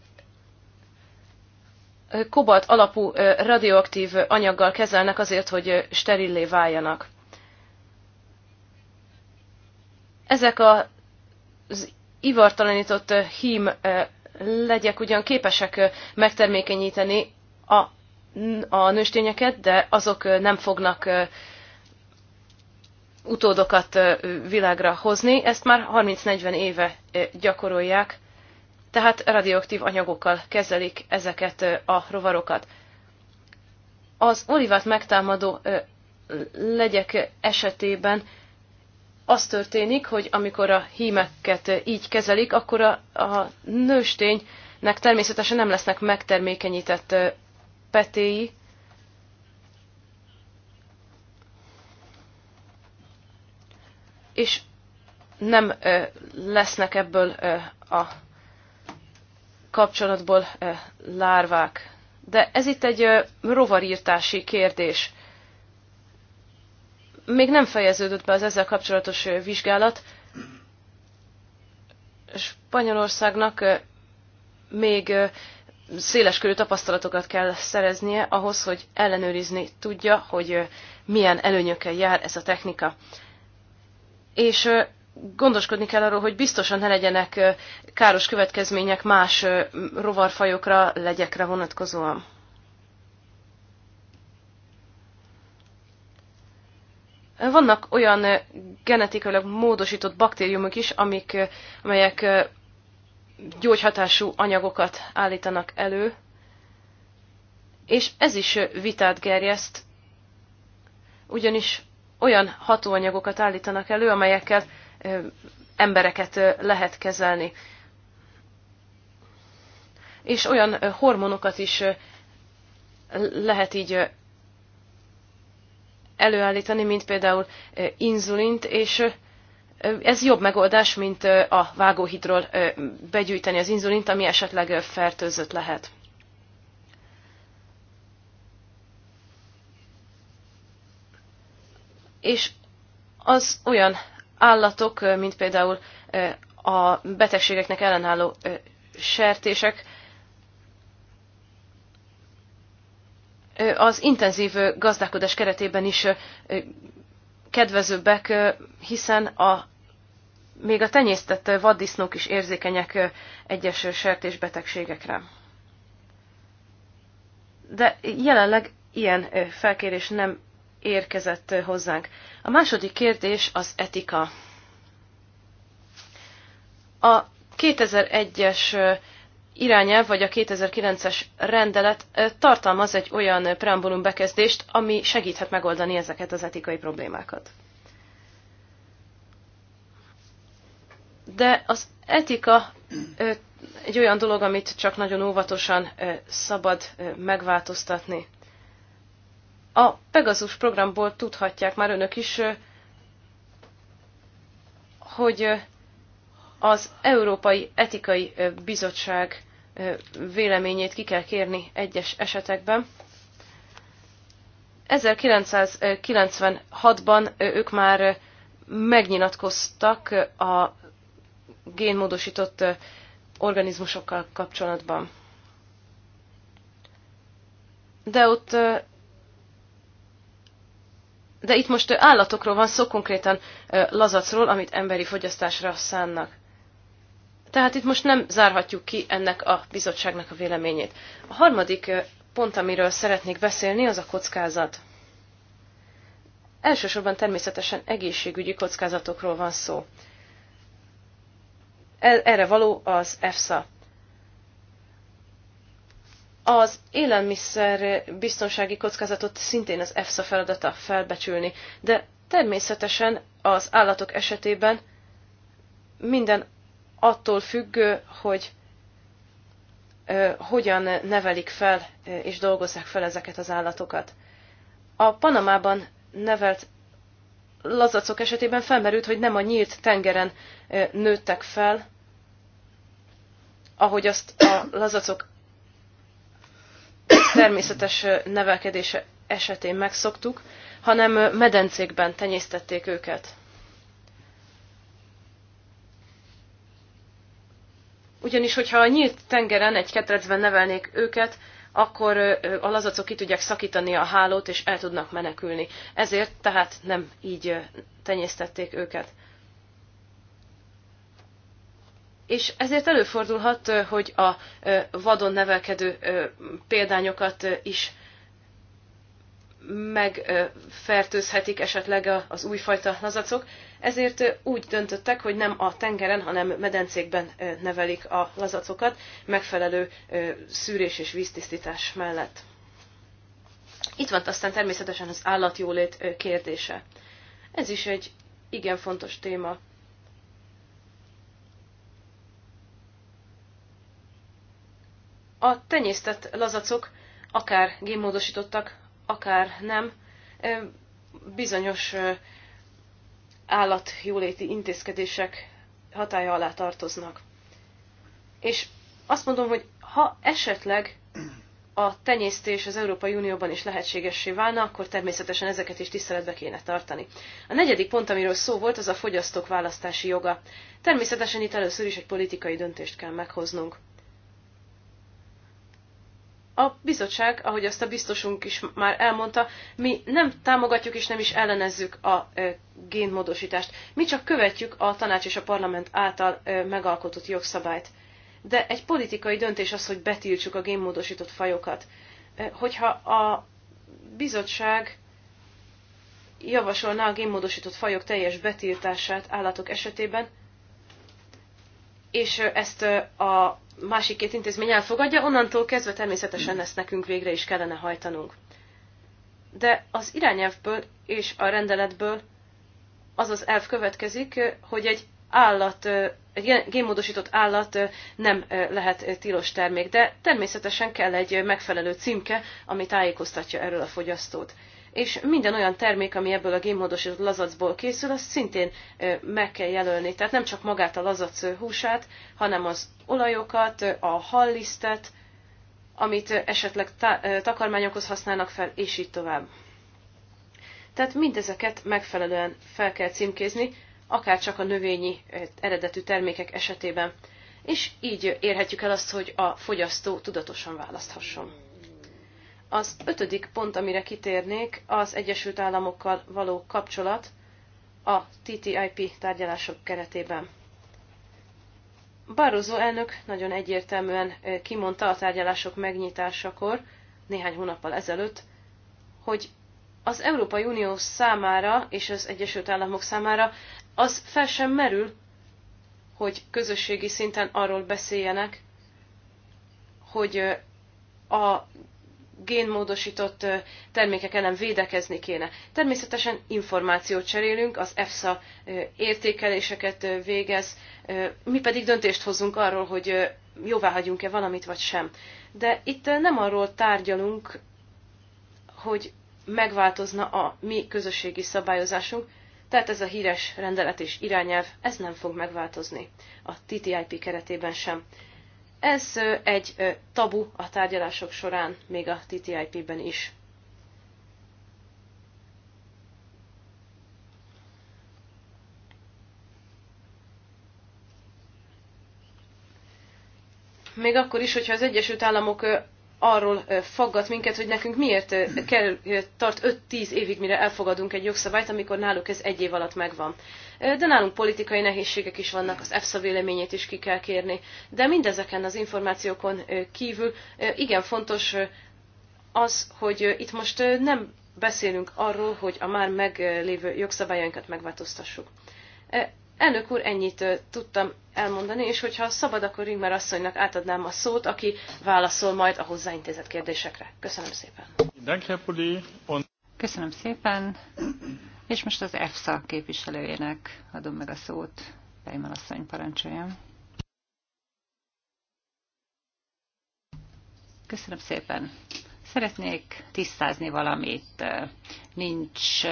kobalt alapú radioaktív anyaggal kezelnek azért, hogy sterillé váljanak. Ezek az ivartalanított hím legyek ugyan képesek megtermékenyíteni a, a nőstényeket, de azok nem fognak utódokat világra hozni. Ezt már 30-40 éve gyakorolják, tehát radioaktív anyagokkal kezelik ezeket a rovarokat. Az olivát megtámadó legyek esetében az történik, hogy amikor a hímeket így kezelik, akkor a, a nősténynek természetesen nem lesznek megtermékenyített petéi, és nem lesznek ebből a kapcsolatból lárvák. De ez itt egy rovarírtási kérdés még nem fejeződött be az ezzel kapcsolatos vizsgálat. Spanyolországnak még széleskörű tapasztalatokat kell szereznie ahhoz, hogy ellenőrizni tudja, hogy milyen előnyökkel jár ez a technika. És gondoskodni kell arról, hogy biztosan ne legyenek káros következmények más rovarfajokra, legyekre vonatkozóan. Vannak olyan genetikailag módosított baktériumok is, amik, amelyek gyógyhatású anyagokat állítanak elő, és ez is vitát gerjeszt, ugyanis olyan hatóanyagokat állítanak elő, amelyekkel embereket lehet kezelni. És olyan hormonokat is lehet így előállítani, mint például inzulint, és ez jobb megoldás, mint a vágóhidról begyűjteni az inzulint, ami esetleg fertőzött lehet. És az olyan állatok, mint például a betegségeknek ellenálló sertések, az intenzív gazdálkodás keretében is kedvezőbbek, hiszen a, még a tenyésztett vaddisznók is érzékenyek egyes sertésbetegségekre. De jelenleg ilyen felkérés nem érkezett hozzánk. A második kérdés az etika. A 2001-es irányelv vagy a 2009-es rendelet tartalmaz egy olyan preambulum bekezdést, ami segíthet megoldani ezeket az etikai problémákat. De az etika egy olyan dolog, amit csak nagyon óvatosan szabad megváltoztatni. A Pegasus programból tudhatják már önök is, hogy az Európai Etikai Bizottság véleményét ki kell kérni egyes esetekben. 1996-ban ők már megnyilatkoztak a génmódosított organizmusokkal kapcsolatban. De ott de itt most állatokról van szó, konkrétan lazacról, amit emberi fogyasztásra szánnak. Tehát itt most nem zárhatjuk ki ennek a bizottságnak a véleményét. A harmadik pont, amiről szeretnék beszélni, az a kockázat. Elsősorban természetesen egészségügyi kockázatokról van szó. Erre való az EFSA. Az élelmiszer biztonsági kockázatot szintén az EFSA feladata felbecsülni, de természetesen az állatok esetében minden attól függő, hogy hogyan nevelik fel és dolgozzák fel ezeket az állatokat. A Panamában nevelt lazacok esetében felmerült, hogy nem a nyílt tengeren nőttek fel, ahogy azt a lazacok természetes nevelkedése esetén megszoktuk, hanem medencékben tenyésztették őket. ugyanis hogyha a nyílt tengeren egy ketrecben nevelnék őket, akkor a lazacok ki tudják szakítani a hálót, és el tudnak menekülni. Ezért tehát nem így tenyésztették őket. És ezért előfordulhat, hogy a vadon nevelkedő példányokat is megfertőzhetik esetleg az újfajta lazacok, ezért úgy döntöttek, hogy nem a tengeren, hanem medencékben nevelik a lazacokat, megfelelő szűrés és víztisztítás mellett. Itt van aztán természetesen az állatjólét kérdése. Ez is egy igen fontos téma. A tenyésztett lazacok akár génmódosítottak, akár nem, bizonyos állatjóléti intézkedések hatája alá tartoznak. És azt mondom, hogy ha esetleg a tenyésztés az Európai Unióban is lehetségessé válna, akkor természetesen ezeket is tiszteletbe kéne tartani. A negyedik pont, amiről szó volt, az a fogyasztók választási joga. Természetesen itt először is egy politikai döntést kell meghoznunk. A bizottság, ahogy azt a biztosunk is már elmondta, mi nem támogatjuk és nem is ellenezzük a génmódosítást. Mi csak követjük a tanács és a parlament által megalkotott jogszabályt. De egy politikai döntés az, hogy betiltsuk a génmódosított fajokat. Hogyha a bizottság javasolná a génmódosított fajok teljes betiltását állatok esetében, és ezt a másik két intézmény elfogadja, onnantól kezdve természetesen ezt nekünk végre is kellene hajtanunk. De az irányelvből és a rendeletből az az elv következik, hogy egy állat, egy génmódosított állat nem lehet tilos termék, de természetesen kell egy megfelelő címke, ami tájékoztatja erről a fogyasztót és minden olyan termék, ami ebből a gémmódosított lazacból készül, azt szintén meg kell jelölni. Tehát nem csak magát a lazac húsát, hanem az olajokat, a hallisztet, amit esetleg takarmányokhoz használnak fel, és így tovább. Tehát mindezeket megfelelően fel kell címkézni, akár csak a növényi eredetű termékek esetében. És így érhetjük el azt, hogy a fogyasztó tudatosan választhasson. Az ötödik pont, amire kitérnék, az Egyesült Államokkal való kapcsolat a TTIP tárgyalások keretében. Barroso elnök nagyon egyértelműen kimondta a tárgyalások megnyitásakor, néhány hónappal ezelőtt, hogy az Európai Unió számára és az Egyesült Államok számára az fel sem merül, hogy közösségi szinten arról beszéljenek, hogy a génmódosított termékek ellen védekezni kéne. Természetesen információt cserélünk, az EFSA értékeléseket végez, mi pedig döntést hozunk arról, hogy jóvá hagyunk-e valamit vagy sem. De itt nem arról tárgyalunk, hogy megváltozna a mi közösségi szabályozásunk, tehát ez a híres rendelet és irányelv, ez nem fog megváltozni a TTIP keretében sem. Ez egy tabu a tárgyalások során, még a TTIP-ben is. Még akkor is, hogyha az Egyesült Államok arról faggat minket, hogy nekünk miért kell, tart 5-10 évig, mire elfogadunk egy jogszabályt, amikor náluk ez egy év alatt megvan. De nálunk politikai nehézségek is vannak, az EFSA véleményét is ki kell kérni. De mindezeken az információkon kívül igen fontos az, hogy itt most nem beszélünk arról, hogy a már meglévő jogszabályainkat megváltoztassuk. Elnök úr, ennyit tudtam elmondani, és hogyha szabad, akkor Ringmer asszonynak átadnám a szót, aki válaszol majd a hozzáintézett kérdésekre. Köszönöm szépen. Köszönöm szépen, és most az EFSA képviselőjének adom meg a szót. Bejman asszony parancsoljam. Köszönöm szépen. Szeretnék tisztázni valamit. Nincs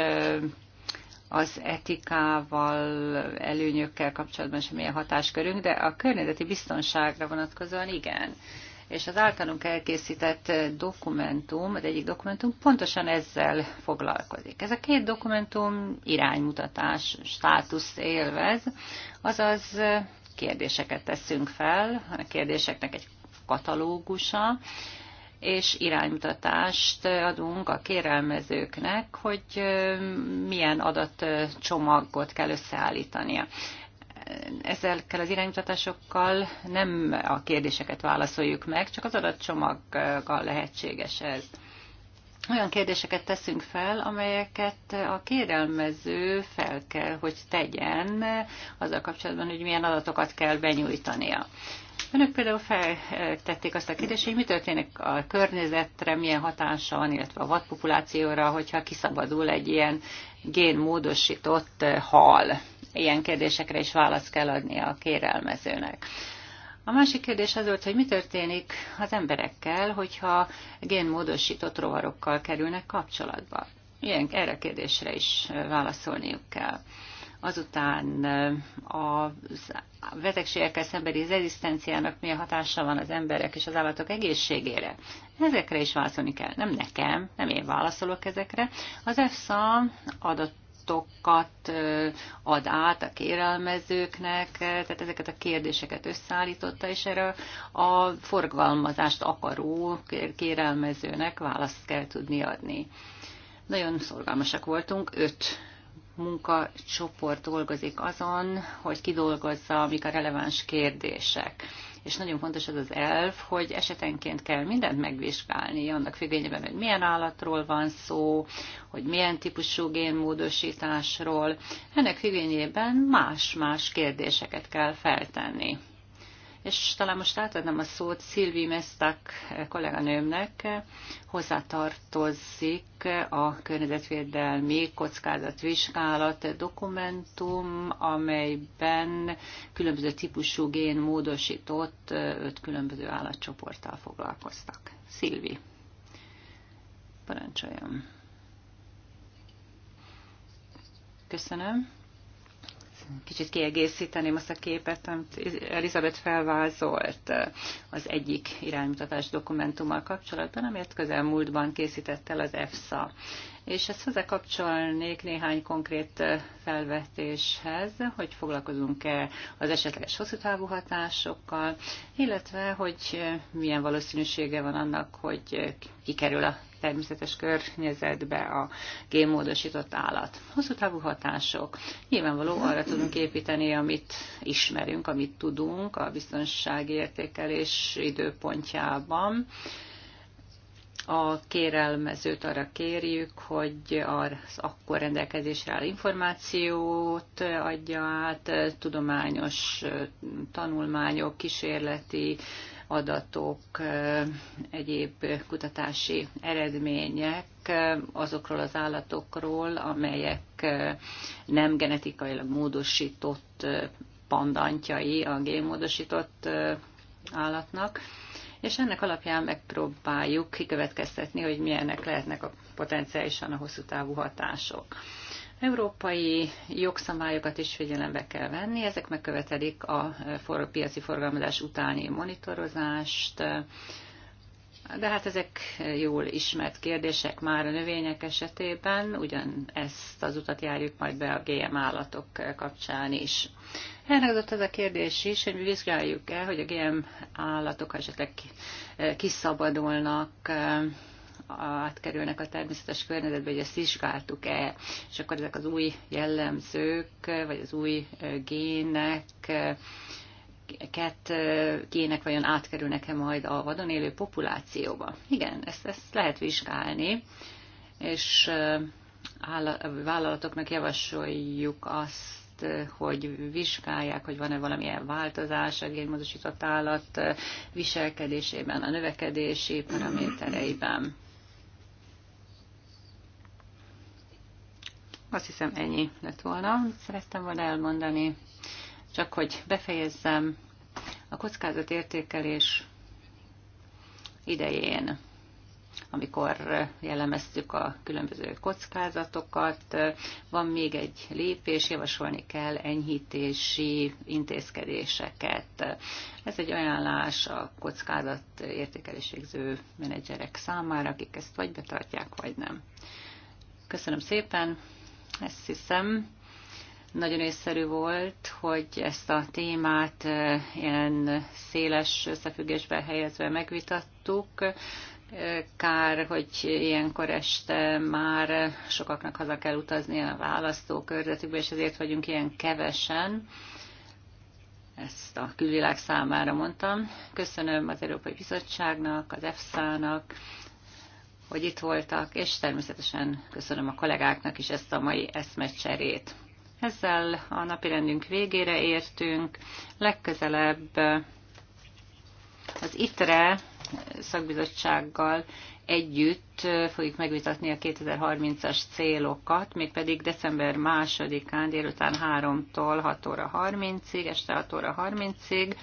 az etikával, előnyökkel kapcsolatban semmilyen hatáskörünk, de a környezeti biztonságra vonatkozóan igen. És az általunk elkészített dokumentum, az egyik dokumentum pontosan ezzel foglalkozik. Ez a két dokumentum iránymutatás, státusz élvez, azaz kérdéseket teszünk fel, a kérdéseknek egy katalógusa, és iránymutatást adunk a kérelmezőknek, hogy milyen adatcsomagot kell összeállítania ezekkel az iránymutatásokkal nem a kérdéseket válaszoljuk meg, csak az adatcsomaggal lehetséges ez. Olyan kérdéseket teszünk fel, amelyeket a kérelmező fel kell, hogy tegyen azzal kapcsolatban, hogy milyen adatokat kell benyújtania. Önök például feltették azt a kérdést, hogy mi történik a környezetre, milyen hatása van, illetve a vadpopulációra, hogyha kiszabadul egy ilyen génmódosított hal. Ilyen kérdésekre is választ kell adni a kérelmezőnek. A másik kérdés az volt, hogy mi történik az emberekkel, hogyha génmódosított rovarokkal kerülnek kapcsolatba. Ilyen, erre a kérdésre is válaszolniuk kell azután a betegségekkel szembeni rezisztenciának milyen hatása van az emberek és az állatok egészségére. Ezekre is válaszolni kell. Nem nekem, nem én válaszolok ezekre. Az EFSA adott adatokat ad át a kérelmezőknek, tehát ezeket a kérdéseket összeállította, és erre a forgalmazást akaró kérelmezőnek választ kell tudni adni. Nagyon szorgalmasak voltunk, öt munkacsoport dolgozik azon, hogy kidolgozza, mik a releváns kérdések. És nagyon fontos az az elv, hogy esetenként kell mindent megvizsgálni, annak függvényében, hogy milyen állatról van szó, hogy milyen típusú génmódosításról. Ennek függvényében más-más kérdéseket kell feltenni és talán most átadnám a szót Szilvi Mestak kolléganőmnek, hozzátartozik a környezetvédelmi kockázatvizsgálat dokumentum, amelyben különböző típusú gén módosított öt különböző állatcsoporttal foglalkoztak. Szilvi, parancsoljon. Köszönöm kicsit kiegészíteném azt a képet, amit Elizabeth felvázolt eh, az egyik iránymutatás dokumentummal kapcsolatban, amelyet közelmúltban készített el az EFSA. És ezt hozzá kapcsolnék néhány konkrét eh, felvetéshez, hogy foglalkozunk-e az esetleges hosszú távú hatásokkal, illetve hogy eh, milyen valószínűsége van annak, hogy kikerül a természetes környezetbe a génmódosított állat. Hosszú távú hatások. Nyilvánvaló arra tudunk építeni, amit ismerünk, amit tudunk a biztonsági értékelés időpontjában a kérelmezőt arra kérjük, hogy az akkor rendelkezésre áll információt adja át, tudományos tanulmányok, kísérleti adatok, egyéb kutatási eredmények azokról az állatokról, amelyek nem genetikailag módosított pandantjai a génmódosított állatnak és ennek alapján megpróbáljuk kikövetkeztetni, hogy milyenek lehetnek a potenciálisan a hosszú távú hatások. Európai jogszabályokat is figyelembe kell venni, ezek megkövetelik a eh, piaci forgalmazás utáni monitorozást, de hát ezek eh, jól ismert kérdések már a növények esetében, ugyan ezt az utat járjuk majd be a GM állatok eh, kapcsán is. Elragzott az a kérdés is, hogy mi vizsgáljuk el, hogy a GM állatok esetleg kiszabadulnak átkerülnek a természetes környezetbe, hogy ezt vizsgáltuk-e, és akkor ezek az új jellemzők, vagy az új gének, ket gének vajon átkerülnek-e majd a vadon élő populációba. Igen, ezt, ezt lehet vizsgálni, és vállalatoknak javasoljuk azt, hogy vizsgálják, hogy van-e valamilyen változás a génmódosított állat viselkedésében, a növekedési paramétereiben. Azt hiszem ennyi lett volna, szerettem volna elmondani. Csak hogy befejezzem, a értékelés idején, amikor jellemeztük a különböző kockázatokat, van még egy lépés, javasolni kell enyhítési intézkedéseket. Ez egy ajánlás a értékelés végző menedzserek számára, akik ezt vagy betartják, vagy nem. Köszönöm szépen! Ezt hiszem, nagyon észszerű volt, hogy ezt a témát ilyen széles összefüggésbe helyezve megvitattuk. Kár, hogy ilyenkor este már sokaknak haza kell utazni a választókörzetükbe, és ezért vagyunk ilyen kevesen. Ezt a külvilág számára mondtam. Köszönöm az Európai Bizottságnak, az EFSA-nak, hogy itt voltak, és természetesen köszönöm a kollégáknak is ezt a mai eszmecserét. Ezzel a napirendünk végére értünk. Legközelebb az ITRE szakbizottsággal együtt fogjuk megvitatni a 2030-as célokat, mégpedig december 2-án délután 3-tól 6 óra 30-ig, este 6 óra 30-ig.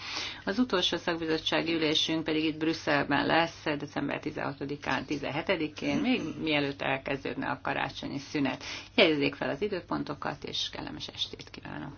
Az utolsó szakbizottsági ülésünk pedig itt Brüsszelben lesz december 16-án, 17-én, még mielőtt elkezdődne a karácsonyi szünet. Jegyezzék fel az időpontokat, és kellemes estét kívánok!